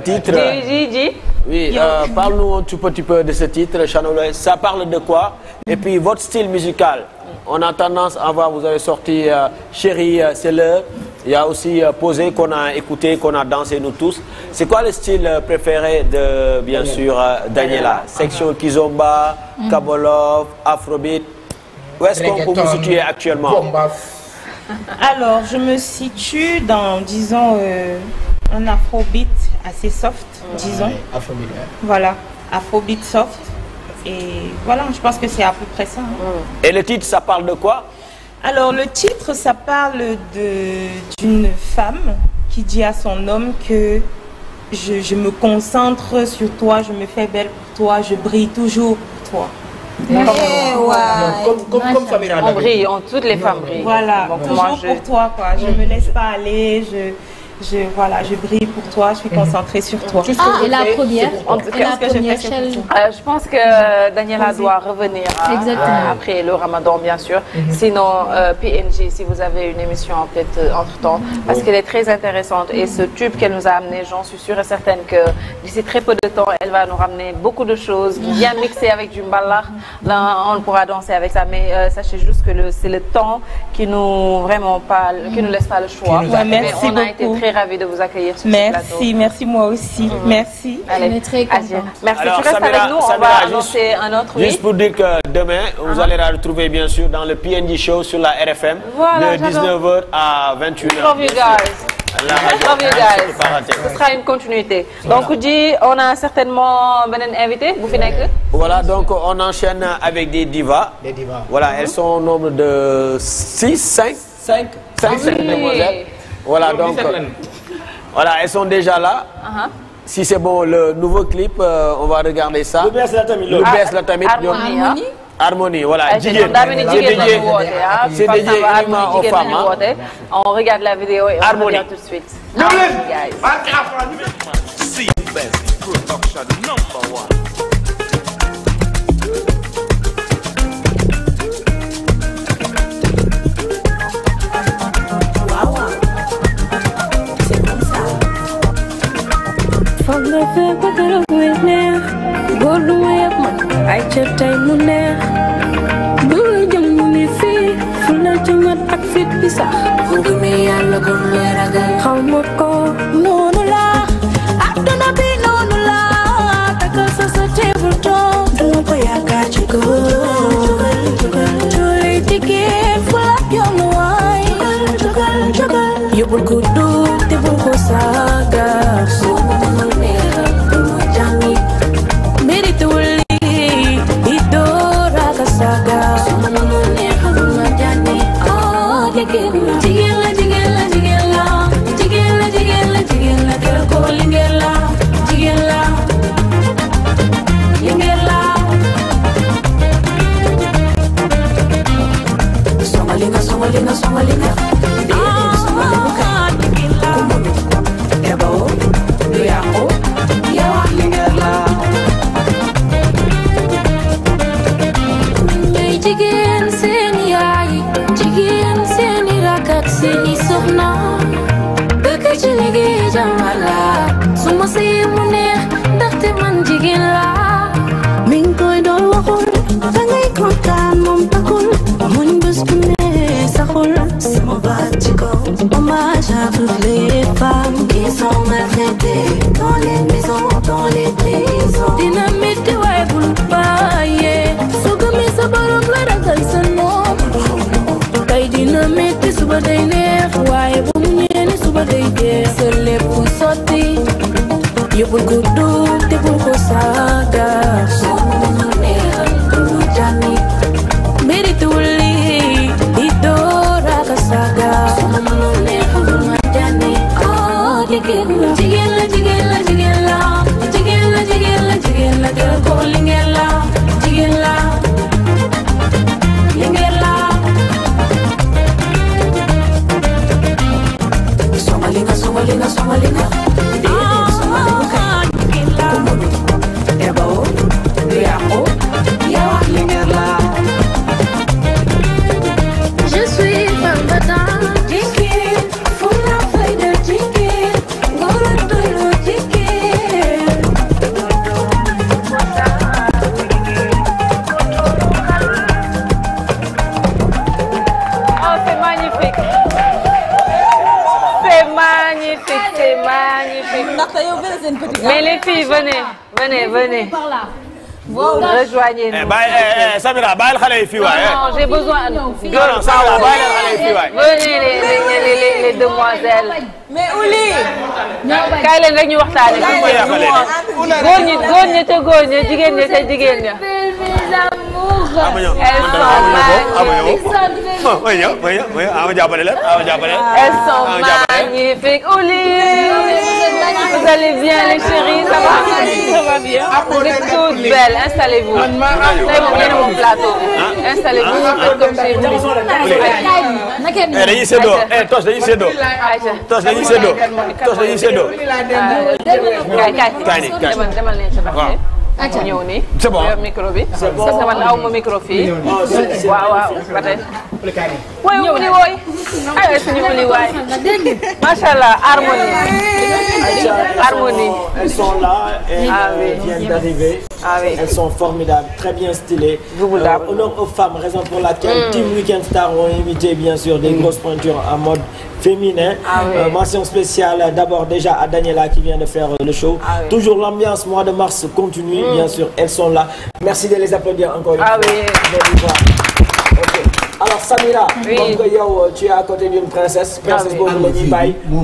Oui, euh, parle-nous un tout petit peu de ce titre, Chanoulé. Ça parle de quoi mm. Et puis votre style musical. On a tendance à voir, vous avez sorti euh, euh c'est l'heure. Il y a aussi euh, Posé qu'on a écouté, qu'on a dansé nous tous. C'est quoi le style euh, préféré de, bien sûr, Daniela Section mm-hmm. Kizomba, mm-hmm. Kabolov, Afrobeat. Où est-ce qu'on vous situer actuellement Alors, je me situe dans, un Afrobeat assez soft. disons. Afrobeat. Voilà, Afrobeat soft. Et voilà, je pense que c'est à peu près ça. Hein. Et le titre, ça parle de quoi le titre, ça parle d'une femme qui dit à son homme que je, me concentre sur toi, je me fais belle pour toi, je brille toujours pour toi. Hey, eh, on brille, on, toutes les femmes brillent. toujours pour toi, Je me laisse pas aller, je, voilà, je pour toi, je suis mhm. concentrée sur toi. Ah, euh, je pense que euh, Daniela doit revenir à, à, après le ramadan, bien sûr. Mm -hmm. Sinon, euh, PNG, si vous avez une émission peut-être euh, entre-temps, mhm. parce qu'elle est très intéressante et ce tube qu'elle nous a amené, j'en suis sûre et certaine que d'ici très peu de temps, elle va nous ramener beaucoup de choses bien mixées avec du mbalar. Là, on pourra danser avec ça, mais euh, sachez juste que c'est le temps qui nous laisse pas le choix. mais on a très ravie de vous accueillir sur merci, ce plateau. Merci, moi aussi. Mm-hmm. Merci. Allez, est très contente. Merci, Alors, tu juste, pour dire que demain, vous uh-huh. allez la retrouver bien sûr dans le PNJ sur la RFM de 19 à 21h. Love you guys. La radio, ce sera une continuité donc voilà. Di on a certainement beneen invité bu fi nekk. voilà donc on enchaîne avec des divas. des divas voilà mm -hmm. elles sont de six cinq. cinq cinq, cinq, ah voilà donc voilà elles sont déjà là. si c'est bon le nouveau clip on va regarder ça. lu bees la tamit lu bees voilà c'est dédié on regarde la vidéo et on revient tout de suite. Harmonie. foog nga fekk ba keroog muy neex góorlu ma yàgg man ay cër tey mu neex bu nga jëm mu ngi fii fu la ci mat ak fit bi sax bu gëmee yàlla kon looy ragal xaw ma ko noonu la àdduna bi noonu la takkal sa sa teebul toog duma ko yaakaar ci góor julee jigéen fu la yoonu waay jógal jógal yóbbul ko suba day neex waaye bu mu ñëwee suba day jeex sa lépp sotti yóbbul ko duub te bul ko saaga Get venez venez. par là. Wow. rejoignez-nous. Eh, bàyyi eh, eh, Samira bàyyil xale yi fii waay. non non j'ai besoin. non non Samira bàyyil xale yi fii waay. venez les les les les kay leen rek ñu waxtaanee. góor ñi góor ña ca góor ña jigéen ña ca jigéen ña. ama ñëw ama ñëw ama jàppale vous allez bien les chéris ça va. ça va bien. Ah, vous êtes toutes belles installez-vous. tey moom yéen a moom plateau bi. Ah, ah. installez-vous comme j'ai dit. ayca dañuy séddoo tos dañuy séddoo. ayca tos dañuy séddoo. tos dañuy séddoo. kaay kaay kaay demal demal nañu ca baax acca ñëw nii. c'est bon micro bi. c'est bon parce que man aw ma micro fii. waaw waaw ba tey. ñëw na wooy wuli wooy. aywa suñu wuli waay. macha allah harmonie. Harmonie. Elles sont là et ah oui. elles viennent d'arriver. Ah oui. Elles sont formidables, très bien stylées. Double euh, aux femmes, raison pour laquelle mm. Team Weekend Star ont invité bien sûr des mm. grosses pointures en mode féminin. Ah euh, mention spéciale d'abord déjà à Daniela qui vient de faire euh, le show. Ah Toujours l'ambiance mois de mars continue, mm. bien sûr, elles sont là. Merci de les applaudir encore une ah fois. Ah oui. alors Samira. oui comme yow euh, tu es à côté d'une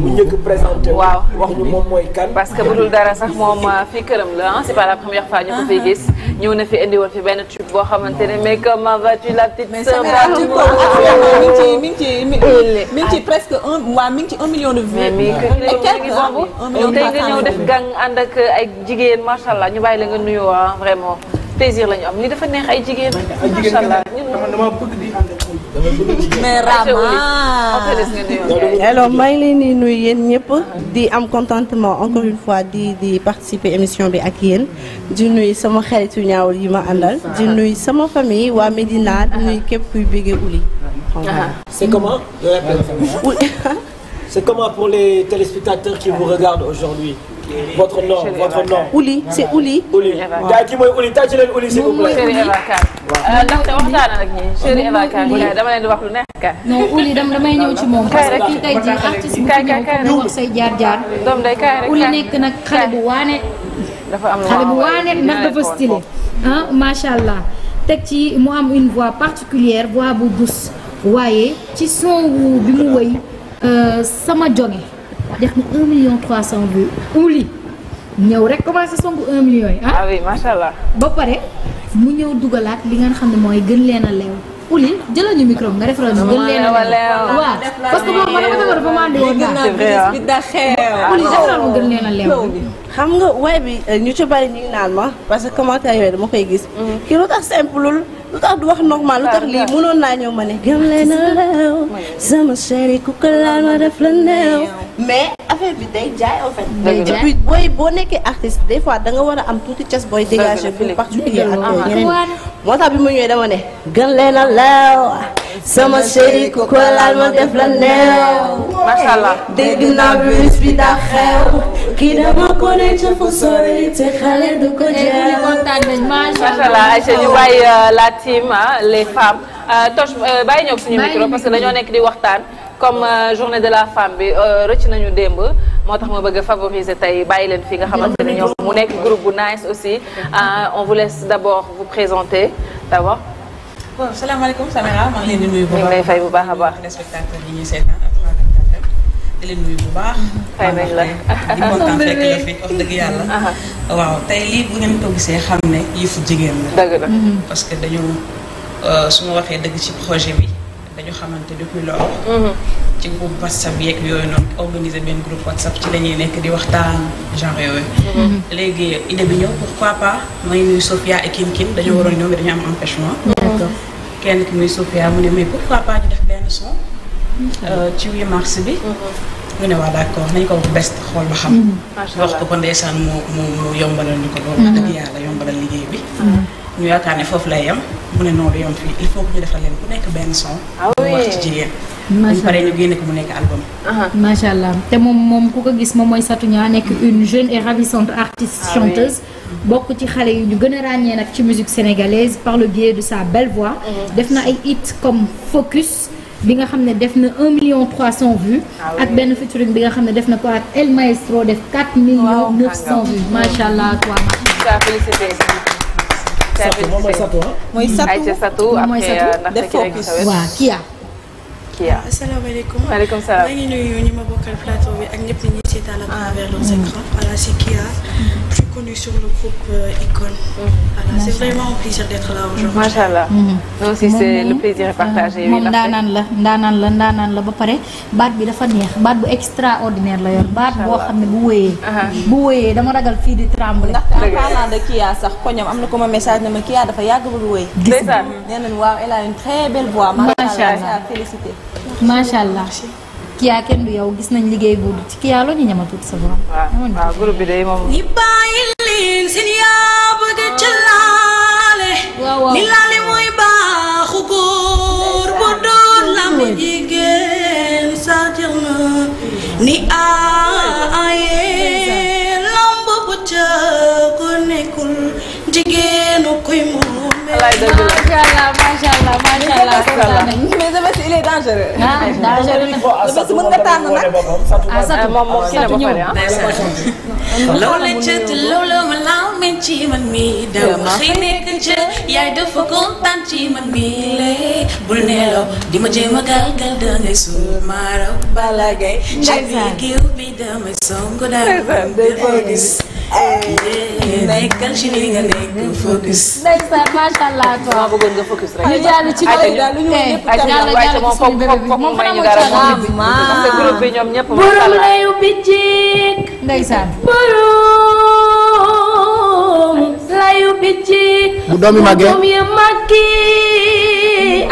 njëkk présenté waaw wax ñu moom mooy kan. parce que bu dul dara sax moom euh, fii këram la c'est pas la première fois ñu ko fi gis. Ah. ñëw na fi indiwoon fi benn tube boo xamante ne mais comment vas-tu la petite. mais Samira tube boobu ah, ah. mi ngi ci mi ngi ci presque un mois mi ngi ci un million de vues. mais un million tey nga ak jigéen macha allah ñu bàyyi la nga nuyoo vraiment plaisir la ñu am li dafa neex ay jigéen. macha allah ñun dama bëgg di ànd mais ah, Rama alors maa ngi leen di nuyu yéen ñëpp di am contentement encore une fois di di participer émission bi ak yéen di nuyu sama xaritu ñaawul yi ma àndal di nuyu sama famille wa Médina di nuyu képp kuy béggee Ouly c'est comment c'est comment pour les téléspectateurs qui vous regardent aujourd'hui votre nom votre nom. Ouli c' est Ouli. Euh, ak ñi dama leen di wax lu neex ka. dama damay ñëw ci moom. kay rek kay rek kay kay kay rek wax say jaar jaar. dafa am xale bu waane ndax dafa stylé. macha allah teg ci mu am une voix particulière voix bu douce waaye ci son wu bi mu wëy euh, sama jonge. def na 1 million 300 vues uli ñëw rek commencé songu un million yi ah. ah oui macha allah. ba pare mu ñëw dugalaat li nga xam ne mooy gën leen a leew uli jëlal ñu micro nga defaral ñu gën leen a leew waaw parce que moom man dama demoon ba mu andi woon. gën naa gën naa xeew uli defaral mu gën leen a leew. xam nga way bi eh, ñu ci bari ñu ngi naan ma parce que commentaire yooyu dama koy gis. Mm-hmm. kii lu tax simple lu tax du wax normal lu tax lii mënoon naa ñëw ma ne. a mais affaire bi day jaay boo nekkee artiste des fois da nga war am tuuti cas booy dégager bu particulier ak moo tax bi mu ñëwee dama ne. gën leen a leew sama chéri ko laal ma def la neew. macha naa bus bi xew kii dama ko ne ca fu sori te xale du ko jaar. kontaan nañ macha allah Aïcha ñu bàyyi euh, la team les femmes euh, Toch euh, bàyyi ñëw suñu micro parce nekk di waxtaan. comme journée de la femme bi rëcc nañu démb moo tax moo bëgg a favoriser tey bàyyi leen fi nga xamante ni ñoom mu nekk groupe bu nice aussi on vous laisse d'abord vous présenter d'abord. bon salaamaaleykum bu baax a baax. di leen bu baax. xëy nañ la di kontaan fekk la fi wax dëgg yàlla. waaw tey lii bu ngeen ko see xam ne yëfu jigéen la. dëgg la mhm. parce que dañu euh, su ma waxee dëgg ci projet bi dañu xamante depuis loolu. Mhm. ci groupe WhatsApp yeeg yooyu noonu organiser benn groupe WhatsApp ci la ñuy nekk di waxtaan genre yooyu. Mhm. léegi idée bi ñëw pourquoi pas may nuyu Sophia ak Kin Kin dañoo waroon ñëw mais dañu am empêchement. kenn ki muy Sophia mu ne mais pourquoi pas ñu def benn son. Euh, ci 8 mars bi. Mm-hmm. mu ne waa d'accord nañ ko wax best xool ba xam. Mm-hmm. wax ko ko ndeysaan mu mu yombalal ñu ko loolu. ak mm-hmm. yàlla yombalal liggéey bi. ñu yaakaar ne foofu lay yem mu ne noonu yom fii il faut que ñu defal leen ku nekk benn son. mu ah wax ci jigéen. macha allah mu nekk album. macha allah te moom moom ku ko gis moom mooy Satounia nekk une jeune et ravissante artiste ah chanteuse. bokk ci xale yu ñu gën a ràññee nag ci musique sénégalaise par le biais de sa belle voix. def na ay hits comme bi nga xam ne def na 1 million 300 vues. Ah ak benn featuring bi nga xam ne def na ko ak El Maestro def 4 millions 900 vues macha allah toi mooy Satou ah. mooy waaw asalaamaaleykum maaleykum salaam maa ngi nuyu ñi ma bokkal plateau bi ak ñëpp ñi ñuy seetaan à travers bienvenue sur le euh, mm. mm. moom ndaanaan la ndaanaan la la ba pare baat bi dafa neex baat bu extraordinaire la yor. baat boo xam ne bu wëyee. bu wëyee dama ragal fii di tremble. ndax en am na ko ma message na ma Kia dafa yàgg ba lu gis nga nee nañu waaw elle a une très belle voix. macha allah. Kia kenn du yow gis nañ liggéey bu ci Kia loo ñu ñama sa borom. moom. ñi bàyyi leen seen yaa bëgg ca laale. ni laale mooy baaxu góor bu doon lambi jigéen sa na ni aaye lamb bu ca ko nekkul jigéenu kuy moom. wallaay dëgg la macha allah macha allah macha allah. mais Zébé il est dangereux. ah dangereux nag mën nga tànn nag. ah Satou moom moom kii la ba pare ah. man ci man mi dama xëy nekk ca yaay dafa kontaan ci man mi lay bul neelaw di ma jéem a galgal da ngay suul maaraw bala gay jabi giw bi damay songu daal day focus nekkal ci li nga nekk focus allah dama bëggoon nga focus rek. ñu jàll ci loolu daal lu ñu woon ñëpp tamit ñaar ñaar ci suñu bébé bi moom fan amoo ci àll bi parce que groupe bi ñoom ñëpp. borom réew bi layu picci bu doom yi màggee doom yi màggi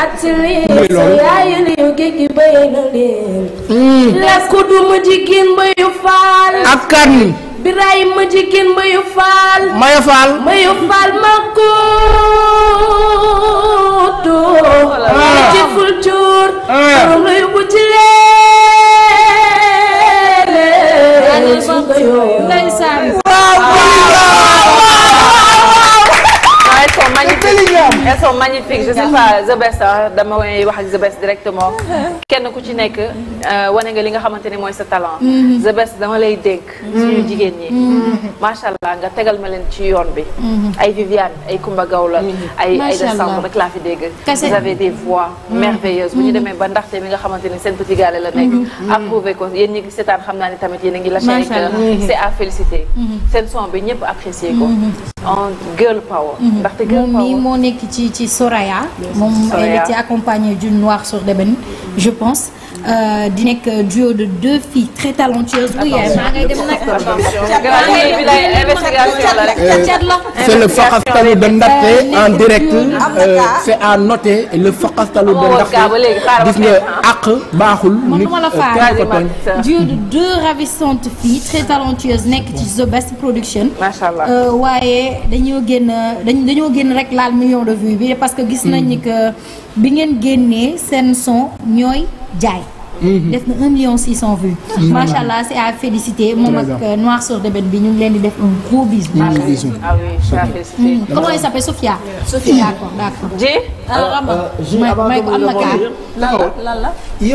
at lii sa yaayu liyu géej béy na leen hmm. lekku du ma jigéen bayu faal ak karni biraay ma jigéen bayu faal maya faal mayu faal ma kooto ma ah. ci ful cuur borom ah. la yóbbu ci leen ndeysaan sont magnifiques elles sont magnifiques je sais pas The ah, Best dama may wax ak The Best directement kenn ku ci nekk euh, wane nga li nga xamante ne mooy sa talent The mm-hmm. dama lay dénk ñu mm-hmm. jigéen ñi mm-hmm. macha allah nga tegal ma leen ci yoon bi ay Viviane ay Kumba Gawla ay Aïda Samb rek laa fi dégg vous avez bu ñu demee ba ndaxte mi nga xamante ne seen petit gaale la nekk approuvé ko yéen ñi seetaan xam naa ne tamit yéen a ngi la c'est à féliciter seen son bi ñëpp apprécier ko en girl power. Mhm. ndaxte girl power moo nekk ci ci Soraya. moom elle était accompagnée d'une noire sur l'ébène je pense. Euh, di nekk duo de deux filles très talentueuses. c'est le faxastalu euh, de Ndaxte en direct. c'est à noter le faxastalu de Ndaxte gis nga àq baaxul. nit euh, teel duo de deux ravissantes filles très talentueuses nekk ci The Best Production. macha allah dañoo génn dañ dañoo génn rek laal million de vues bi parce que gis hmm. nañ ni que bi ngeen génnee seen son ñooy jaay. Hmm. def na un million six cent vues. Hmm. macha allah c'est à féliciter moom ak euh, Noir sur Débét bi ñu leen di def un gros bisou. ah oui c'est à féliciter. comment il s'appelle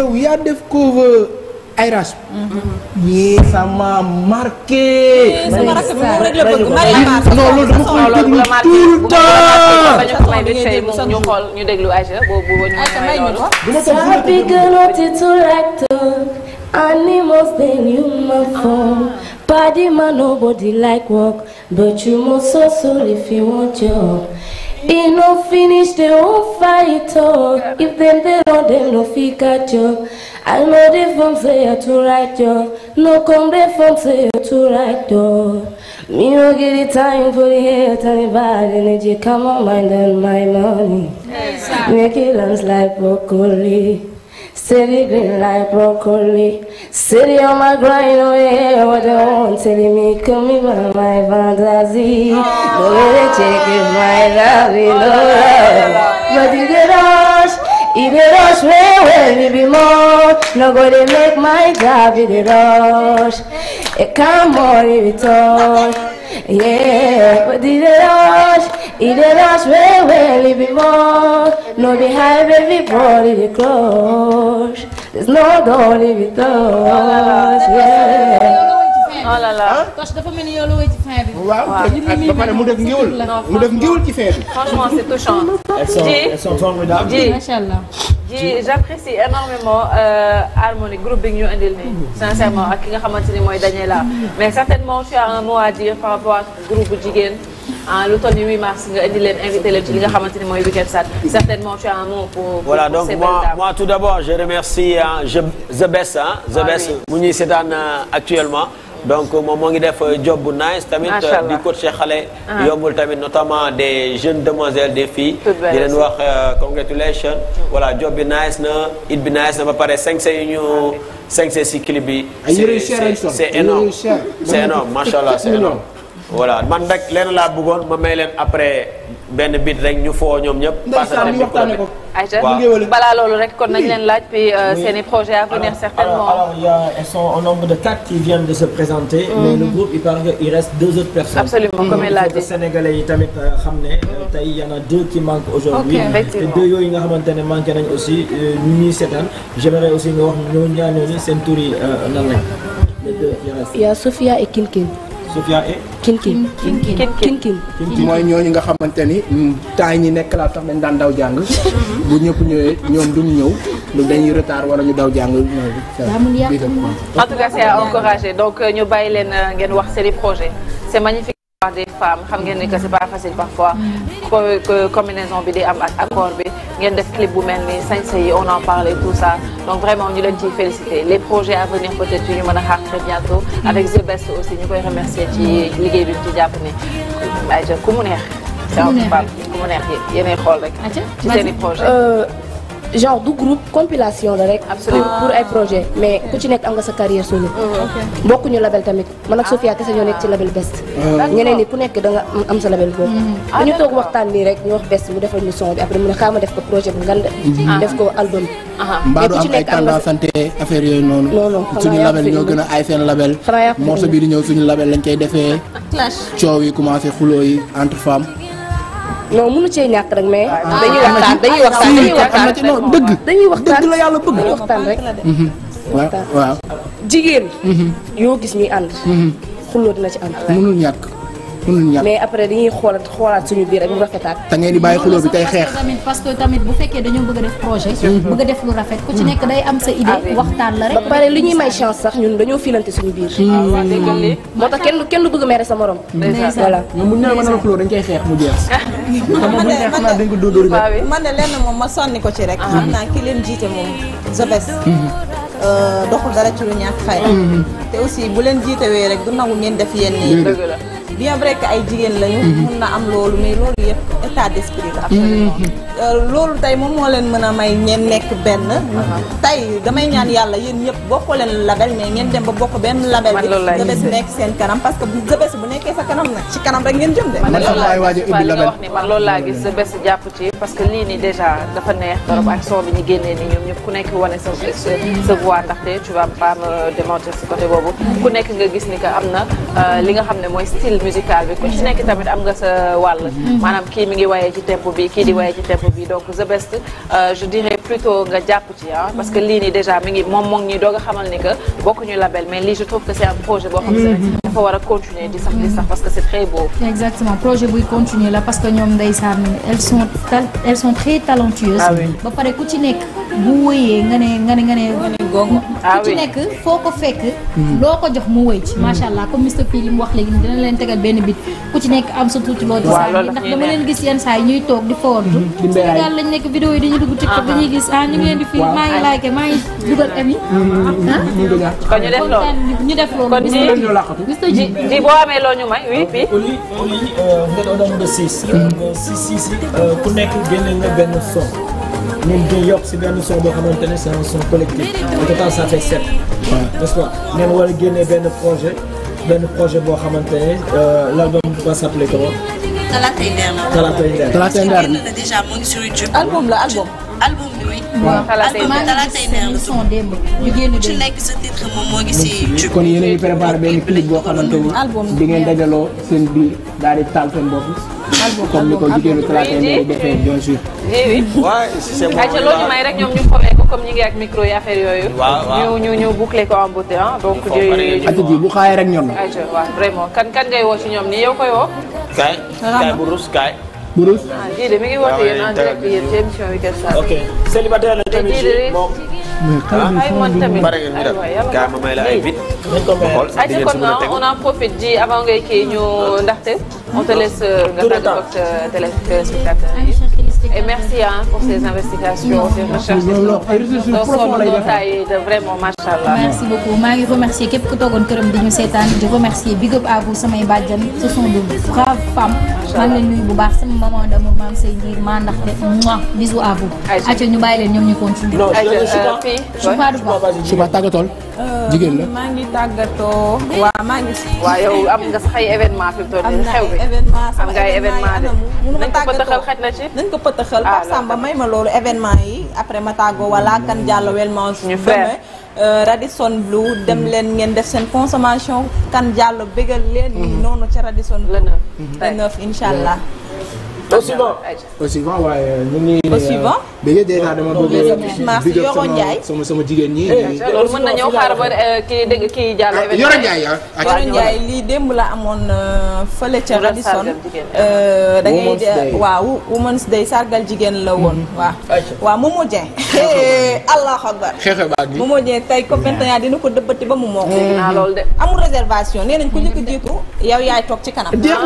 yaa def cover. aérage. yee ça m'a marqué. la bëgg Mariama. non loolu dama déglu tout le boobu boo may loolu. Animals than human form. Body man nobody like work, but you must hustle if you want your. e no finish dem won't fight oh if dem dem no fit catch oh i no dey form say you're too right oh no come dey form say you're too right oh me no get the time for the hate and the bad energy come on mind and my money make it last like broccoli steady green like broccoli City on my grind away, I don't tell me coming by my fantasy. No way check if my love is no love. But you get rush, you get rush way when you be more. Nobody make my job in the rush. It come on if it all. Yeah, but you get rush. It a rush way, way, live more. No, the high, baby, body, the close. There's no glory with us. oh là là la bi. waaw ba pare mu def ngiwul mu def ci fin bi. franchement c'est touchant. elles sont elles sont formidables. macha énormément euh, harmonie groupe bi ñu indil nii sincèrement ak ki nga xamante ni mooy Daniela mais certainement tu as dire par rapport groupe jigéen. ah lu toll ni 8 mars nga indi leen invité leen ci li nga xamante ni mooy Weekend Stars certainement tu as un mot pour. voilà donc moi moi tout d'abord je remercie je The Best ah. The Best mu ñuy seetaan euh, actuellement. donc moom moo ngi def euh, job bu nice tamit di coacher xale ah. yombul tamit notamment des jeunes demoiselles des filles di leen wax euh, congratulation voilà job bi nice na it bi nice na ba pare cinq yu ñu cinq si clip bi ah, c'est énorme c'est énorme machallah c'est énorme voilà man rek leen laa bëggoon ma may leen après benn bit rek ñu foo ñoom ñëpp. ndeysaan ñu waxtaanee ko waaw balaa loolu rek kon nañ leen laaj puis euh, seen i projets à venir certainement. alors il y a ils sont au nombre de quatre qui viennent de se présenter. Mm. mais le groupe il paraît que il reste deux autres personnes. comme il l'a dit sénégalais yi tamit euh, xam ne euh, tey y en a deux qui manquent aujourd'hui te deux yooyu nga xamante ne manqué nañ aussi ñu ñuy seetaan j'aimerais aussi nga seen tur yi nan lañ. Sofia et. Kinkin Kinkin Kinkin. Kinkin mooy ñooñu nga xamante ni mm, temps ñi nekk laa tax dañ daan daw jàng. Mhm. bu ñëpp ñëwee ñoom duñ ñëw. lu dañuy retard wala ñu daw jàng. en tout cas c'est à encourager donc euh, ñu bàyyi leen euh, ngeen wax seen i projet c'est magnifique. de femmes xam ngeen ni que c'est pas facile parfois. combinaison bi di am ak accord bi. ngeen def clip bu mel ni sañse yi on en parle tout ça donc vraiment ñu leen ciy féliciter les projets à venir peut-être yu ñu mën a xaar très bientôt. avec The Best aussi ñu koy remercier ci liggéey bi ci jàpp ni ayca ku mu neex. ku mu neex ku mu neex yéenay xool rek. ci seen i projet euh, genre du groupe compilation la rek. absolument pour ay projet ah. mais ku ci nekk am nga sa carrière solo. Ah, bokkuñu label tamit man ak Sofia kese ñoo nekk ci label best. Ah. ñeneen ni ku nekk da nga am sa label boobu. Mm-hmm. dañu toog waxtaan nii rek ñu wax best mu defal ñu son après mu ne xaaral def ko projet bu ngand. Mm-hmm. def ko album. mbaa du am ay tendance santé yooyu noonu. non non suñu label ñoo gën a ay seen label. morceau bi di ñëw suñu label lañ koy defee. coow yi commencé non mënu cee ñàkk rek mais. Ah, dañuy waxtaan dañuy waxtaan dañuy dëgg. dañuy waxtaan dëgg la yàlla bëgg. dañuy waxtaan rek. Mhm. waaw waaw. jigéen. Mhm. yoo gis ñuy ànd. Mhm. xuloo dina ci am. mënul ñàkk. mais après dañuy xoolaat xoolaat suñu biir rek mu rafetaat te ngeen di parce que tamit bu fekkee dañoo bëgg a def projet mhm. bëgg a def lu rafet ku ci mhm. nekk day am sa idée ah waxtaan la rek ba pare li ñuy may chance sax ñun dañoo filante suñu biir mhm. ah moo tax kenn kenn du bëgg mere sa morom voilà bu ñu mën a xuloo dañ koy xeex mu jeex ah. dañ ko dóor dóor man de ma sànni ko ci rek xam naa ki leen jiite moom jobes euh, doxul dara ci lu ñàkk fay te aussi bu leen jiitewee rek du nangu ngeen def yenn yi bien vrai que ay jigéen lañu. Mhm. mun na am loolu mais loolu yëpp état d'esprit la. Mhm. Euh, loolu tey moom moo leen mën a may ngeen nekk benn. Mhm. tey damay ñaan yàlla yéen ñëpp bokkoo leen label mais ngeen dem ba bokk benn label bi. Zbest nekk seen kanam parce que bu Zbest bu nekkee sa kanam nag ci kanam rek ngeen jëm de. man loolu laa gis Zbest jàpp ci parce que lii nii déjà dafa neex trop ak son bi ñu génnee nii ñoom ñëpp ku nekk wane sa sa voix ndaxte tu vas pas si côté boobu ku nekk nga gis ni que am na euh, li nga xam ne mooy style musical bi ku ci nekk tamit am nga sa wàll maanaam kii mi ngi wayee ci tempo bi kii di wayee ci tempo bi donc the best euh, je dirais plutôt nga jàpp ci ah parce que lii nii déjà mi moom moo doog a xamal ni que bokkuñu label mais lii je trouve que c'est un projet boo xam mhm. a sax di sax parce que c'est très beau exactement projet buy continuer la parce que ñoom ndeysaan elles elles sont très talentueuses ah ba pare ku ci nekk bu wëyee nga ne nga ne nga ne ah ku ci nekk foo benn bit ku ci nekk am sa tuuti loo ci sànni ndax dama leen gis yenn saa yi ñuy toog di foor mhm, Sénégal lañ nekk vidéo yi dañuy dugg TikTok dañuy gis ah ñu ngi leen di fi maa ngi like maa ngi dugal ami mhm, ah ñu def loolu Mr Dji Dji boo amee ñu may oui oui euh, si mm. euh, euh, nekk génne nga benn son ñun ñu yokk si benn son boo xamante ne c'est un son collectif en war a génne benn projet benn projet boo xamante ne euh, l'album la. Talatay Nder. Talatay Nder. album la album. waaw talaatay neex la ci nekk sa titre moo ngi kon yeneen a ngi préparé benn clip boo xamante ni di ngeen dajaloo seen biir daal di taal seen bopp. album comme ni ko jigéenu talaatay neex defee bien sûr. waaw eh si c' est bon may rek ñoom ñu xamee ko comme ñi ngi ak micro yi yooyu. ñu ñu ñu boucler ko en beauté ah. ati ji bu xaayee rek ñoom la. ayca waaw vraiment kan kan ngay woo si ñoom nii yow koy woo. Bourous. ¿eh? ah Jide mi ngi woote yéen en direct yéen ci émission bi Keur Sané. ok célibataire la tamit ji moom. ay man tamit aywa ma may la ay vite. nañ ko may on en profite ji avant ngay kii ñu ndaxte. on te laisse nga tàggatoo ak téléspectateur yi. et merci hein, pour ces investigations ces recherches doo sonn macha allah. merci maa ngi remercier képp ku toogoon këram di ñu seetaan di remercier big up à samay bàjjan ce sont de braves femmes. maa ngi bu baax sama maman d'amour maam say ndiir maa ndaxte moi bisous à vous. ayca ñu bàyyi leen ñoom ñu continuer. ayca euh, fii suba suba tàggatool. jigéen la maa ngi tàggatoo. waa maa ngi. waaw yow am nga sax ay événement fi mu toll nii nga ay événement de. nañ ko pëtëxal xaj na ci. nañ ko pëtëxal ah, Pape Samba may ma loolu événement yi après ma tàggoo walaa mm. kan jàllo welmans ñu fere euh, Radisson Blu dem mm. leen ngeen def seen consommation kan jàllo bégal leen. Mm-hmm. noonu ca Radisson Blu. le neuf incha allah. au suivant. au suivant waaye ñu ngi. au suivant. léegi euh, sama sama jigéen ñi. Eh, loolu mën na ñëw xaaral ba euh, kii dégg kii jàll. Ah, ah, ah, Yoro Ndiaye ah. Yoro Ndiaye lii démb la amoon euh, fële ca Radisson. da waaw Women's Day sargal jigéen la woon. Mm-hmm. waaw waaw Momo Dieng. allahu akbar. xeexe baag bi Momo Dieng tey COP21 dina ko dëbbati ba mu mokk. Mm-hmm. loolu de amul réservation nee nañ ko njëkk a jiitu yow yaay toog ci kanam. jeex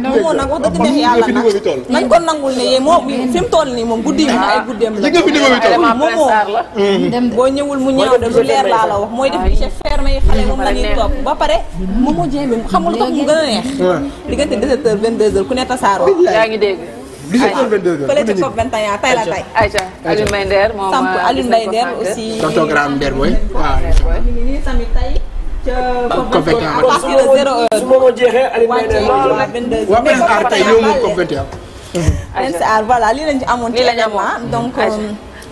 na waaw nag wax dëgg neex yàlla nag. nañ kon nangul ne yéen moom fi mu toll nii moom guddi yi ay guddeem la. jigéen fi niveau bi toll moom boo mu ñaaw de lu mooy ba pare moomu jéem xamul tax mu a neex. diggante 17h 22h ku ne tasaaroo. yaa ngi dégg. 17h22h fële ci COP 21 tey la tey. Aïcha Alioune Mbaye Nder moom ah, samp Alioune Mbaye Nder aussi. doctogramme Nder Aïcha voilà lii lañ ci amoon. lii lañ amoon donc.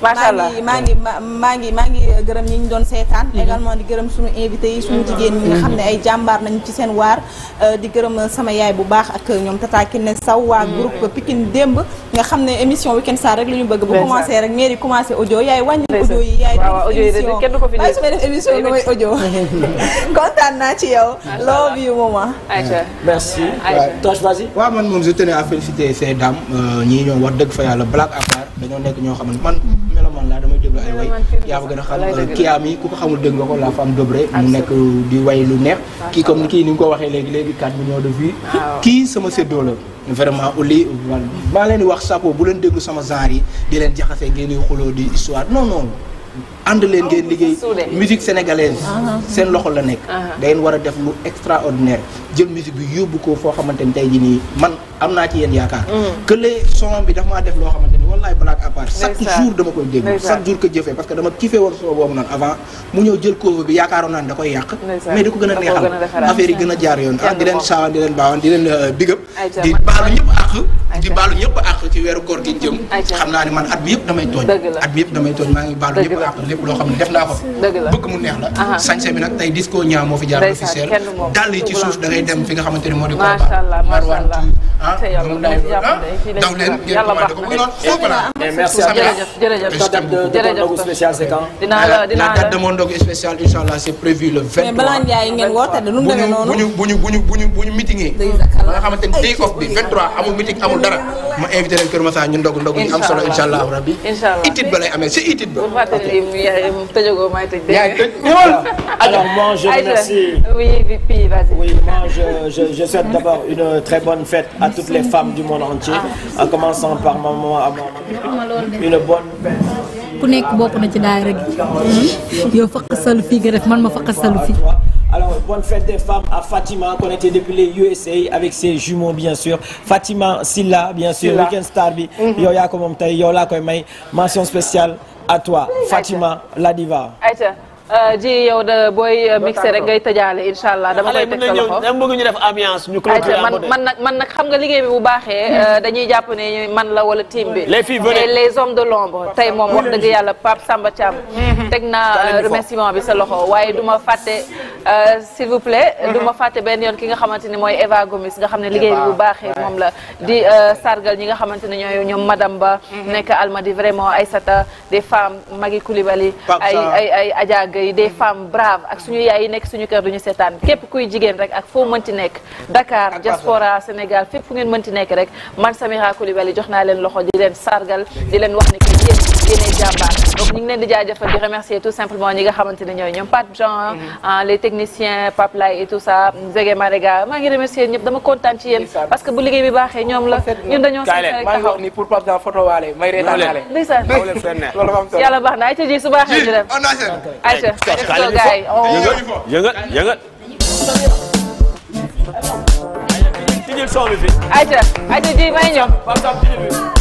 macha allah maa ngi maa ngi maa ngi gërëm ñi ñu doon seetaan. Mhm. également di gërëm suñu invité yi suñu jigéen ñi nga mhm. xam ne ay jàmbaar nañu ci seen waar. Euh, di gërëm sama yaay bu baax ak ñoom Tata Kine Saw waa mhm. groupe Pikine démb nga xam ne émission Weekend Star rek lu ñu bëgg. bu commencé rek mairie commencé audio yaay wàññi audio yi. yaay def émission kenn du ko fi def def émission lu may audio. kontaan naa ci yow. love you maman. merci. waaw man moom je tenais à féliciter ces dames euh, ñii ñoo wax dëgg fa yàlla blague à part dañoo nekk ñoo xamante man man laa damay déglu ay way yaa ma gën a xam am yi ku ko xamul dégg nga ko la femme dobre mu nekk di way lu neex kii comme ni kii ni nga ko waxee léegi léegi 4 millions de vues kii sama séddoo la vraiment Oly maa leen di wax sapo bu leen déglu sama genre yi di leen jaxasee geen di xuloo di histoire non non ànd leen ngeen liggéey musique sénégalaise ah, ah. seen loxo la nekk ah, dañ war a def lu extraordinaire jël musique bi yóbbu ko foo xamante tey jii nii man am naa ci yéen yaakaar mm. que les ni wallaay blague à euh, at bi yëpp damay tooñ at bi yëpp damay tooñ maa ngi baalu ñëpp àq lépp loo xam ne def naa ko bëgg mu neex la sañse bi nag tey disco ñaa moo fi jaar officiel dal yi ci suuf da ngay dem fi nga xamante ni moo di Kolda Marwan tu ah, ah, ah, la dinaa la spécial incha c'est prévu le 23 mais balaa Ndiaye bu ñu bu ñu bu ñu bu ñu meetingee nga xamante ni off bi 23 amul meeting amul dara ma invité leen Kër Massa ñu ndog ndog ñu am solo incha allah rabbi itit ba lay amee c'est itit ba yaay tëjagoo maay tëj. bonne fête à femmes du monde entier en commençant par maman une bonne fête. ku nekk bokk na ci daayira gi. Hmm? yow faq salu fii man ma faq salu bonne fête des femmes à Fatima connectée depuis les USA avec ses jumeaux bien sûr Fatima Silla bien sûr Weekend Star bi mhm. yow yaa ko moom tey yow laa may mention spéciale à toi Fatima la diva Euh, ji yow de booy euh, mixé rek ngay tëjaale incha allah dama lay teg sa loxo dama bëgg ñu def ambiance man nag man nag xam nga liggéey bi bu baaxee euh, dañuy jàpp ne man la wala team bi les les hommes de l'ombre tey moom wax dëgg yàlla Pape Samba Thiam mhm. teg na remerciement bi sa loxo waaye duma ma fàtte s'il vous plaît du ma mhm. fàtte benn yoon ki nga xamante ni mooy Eva Gomis nga xam ne liggéey bi bu baaxee moom la di sargal ñi nga xamante ne ñooy ñoom madame ba mhm. nekk Almadi vraiment Aïssata des femmes Magui Coulibaly ay ay ay Adja accueil des femmes braves ak suñu yaay yi nekk suñu kër ñu seetaan képp kuy jigéen rek ak foo mënti nekk Dakar diaspora Sénégal fépp fu ngeen mënti nekk rek man Samira Coulibaly jox naa leen loxo di leen sargal di leen wax ni que yéenay jàmbaar donc ñu ngi leen di jaajëfal di remercier tout simplement ñi nga xamante ne ñooy ñoom Pape Jean mhm. ah, les techniciens Pape Lay et tout ça Zege Marega maa ngi remercier ñëpp dama kontaan ci yéen parce que bu liggéey bi baaxee ñoom la ñun dañoo taxaw ni pour Pape Jean photo waale may reetaanale ndeysaan yàlla baax na ay tëjee su baaxee ñu dem Aïcha gaay oh. yëngal yëngal Aïcha Aïcha ji may ñëw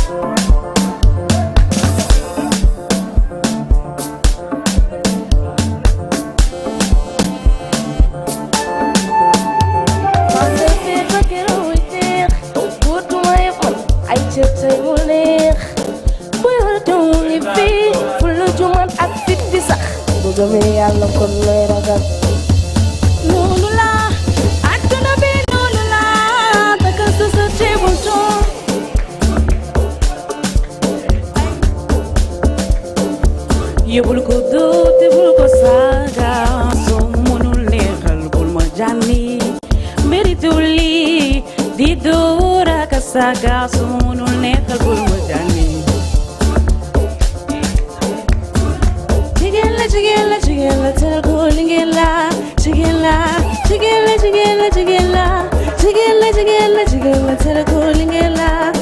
si tey mu neex booyal te mu ngi fi sax bu gëmee yàlla kon lay ragal noonu la àdduna bi noonu la takkal sa sa lii di doo sa gaaw su munul neexal bul ma jàngi jigéen la jigéen la jigéen la teel ko lingéen la jigéen la jigéen la jigéen la jigéen la jigéen la jigéen la jigéen la teel ko lingéen la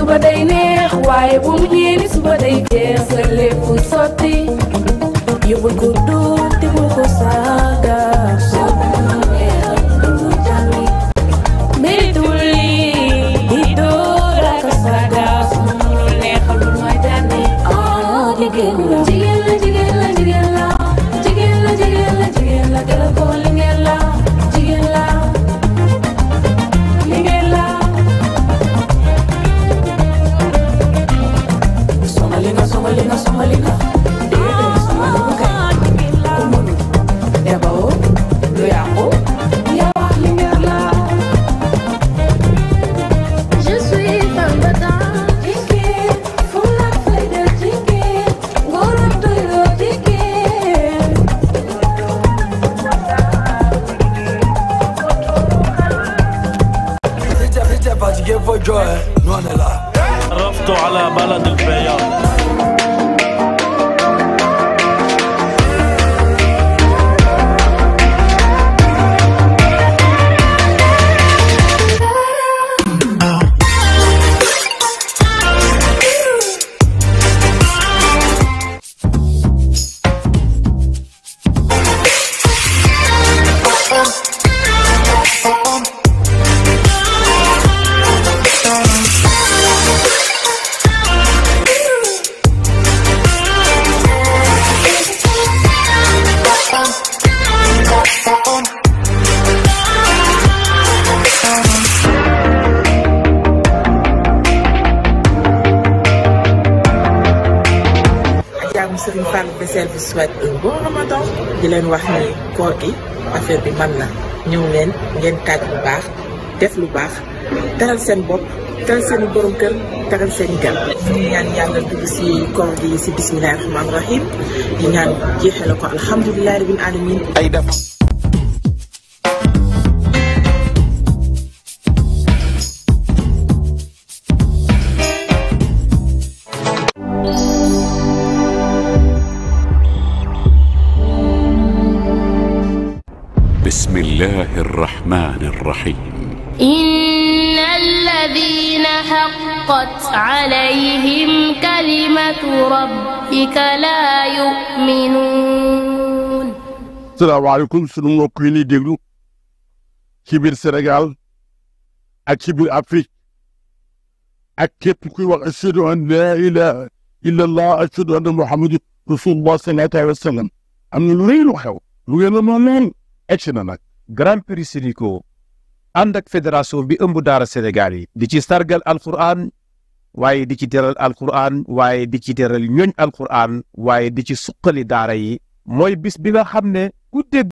suba day neex waaye bu mu ñeeni suba day jeex sa lépp sotti yóbbul ko duur seen bopp teral seen borom kër teral seen gan. ñu ñaan yàlla dugg si koor gi si bisimilah rahmaani rahim ñu ñaan jeexale ko alhamdulilah rabbil alamin ay def nicmatu rabbika laa yuminuun salaamaaleykum sunu mbokk yi ñuy déglu ci biir Sénégal ak ci biir Afrique ak képp kuy wax ashhadu an laa ilaaha illa allah ashhadu am na lu rëy lu xew lu ngeen a na nag Grand Prix Sénico ànd ak bi ëmb daara Sénégal yi di ci sargal alquran waaye di ci teral alquran waaye di ci ñoñ ñooñ alquran waaye di ci suqali daara yi mooy bis bi nga xam ne ku dégg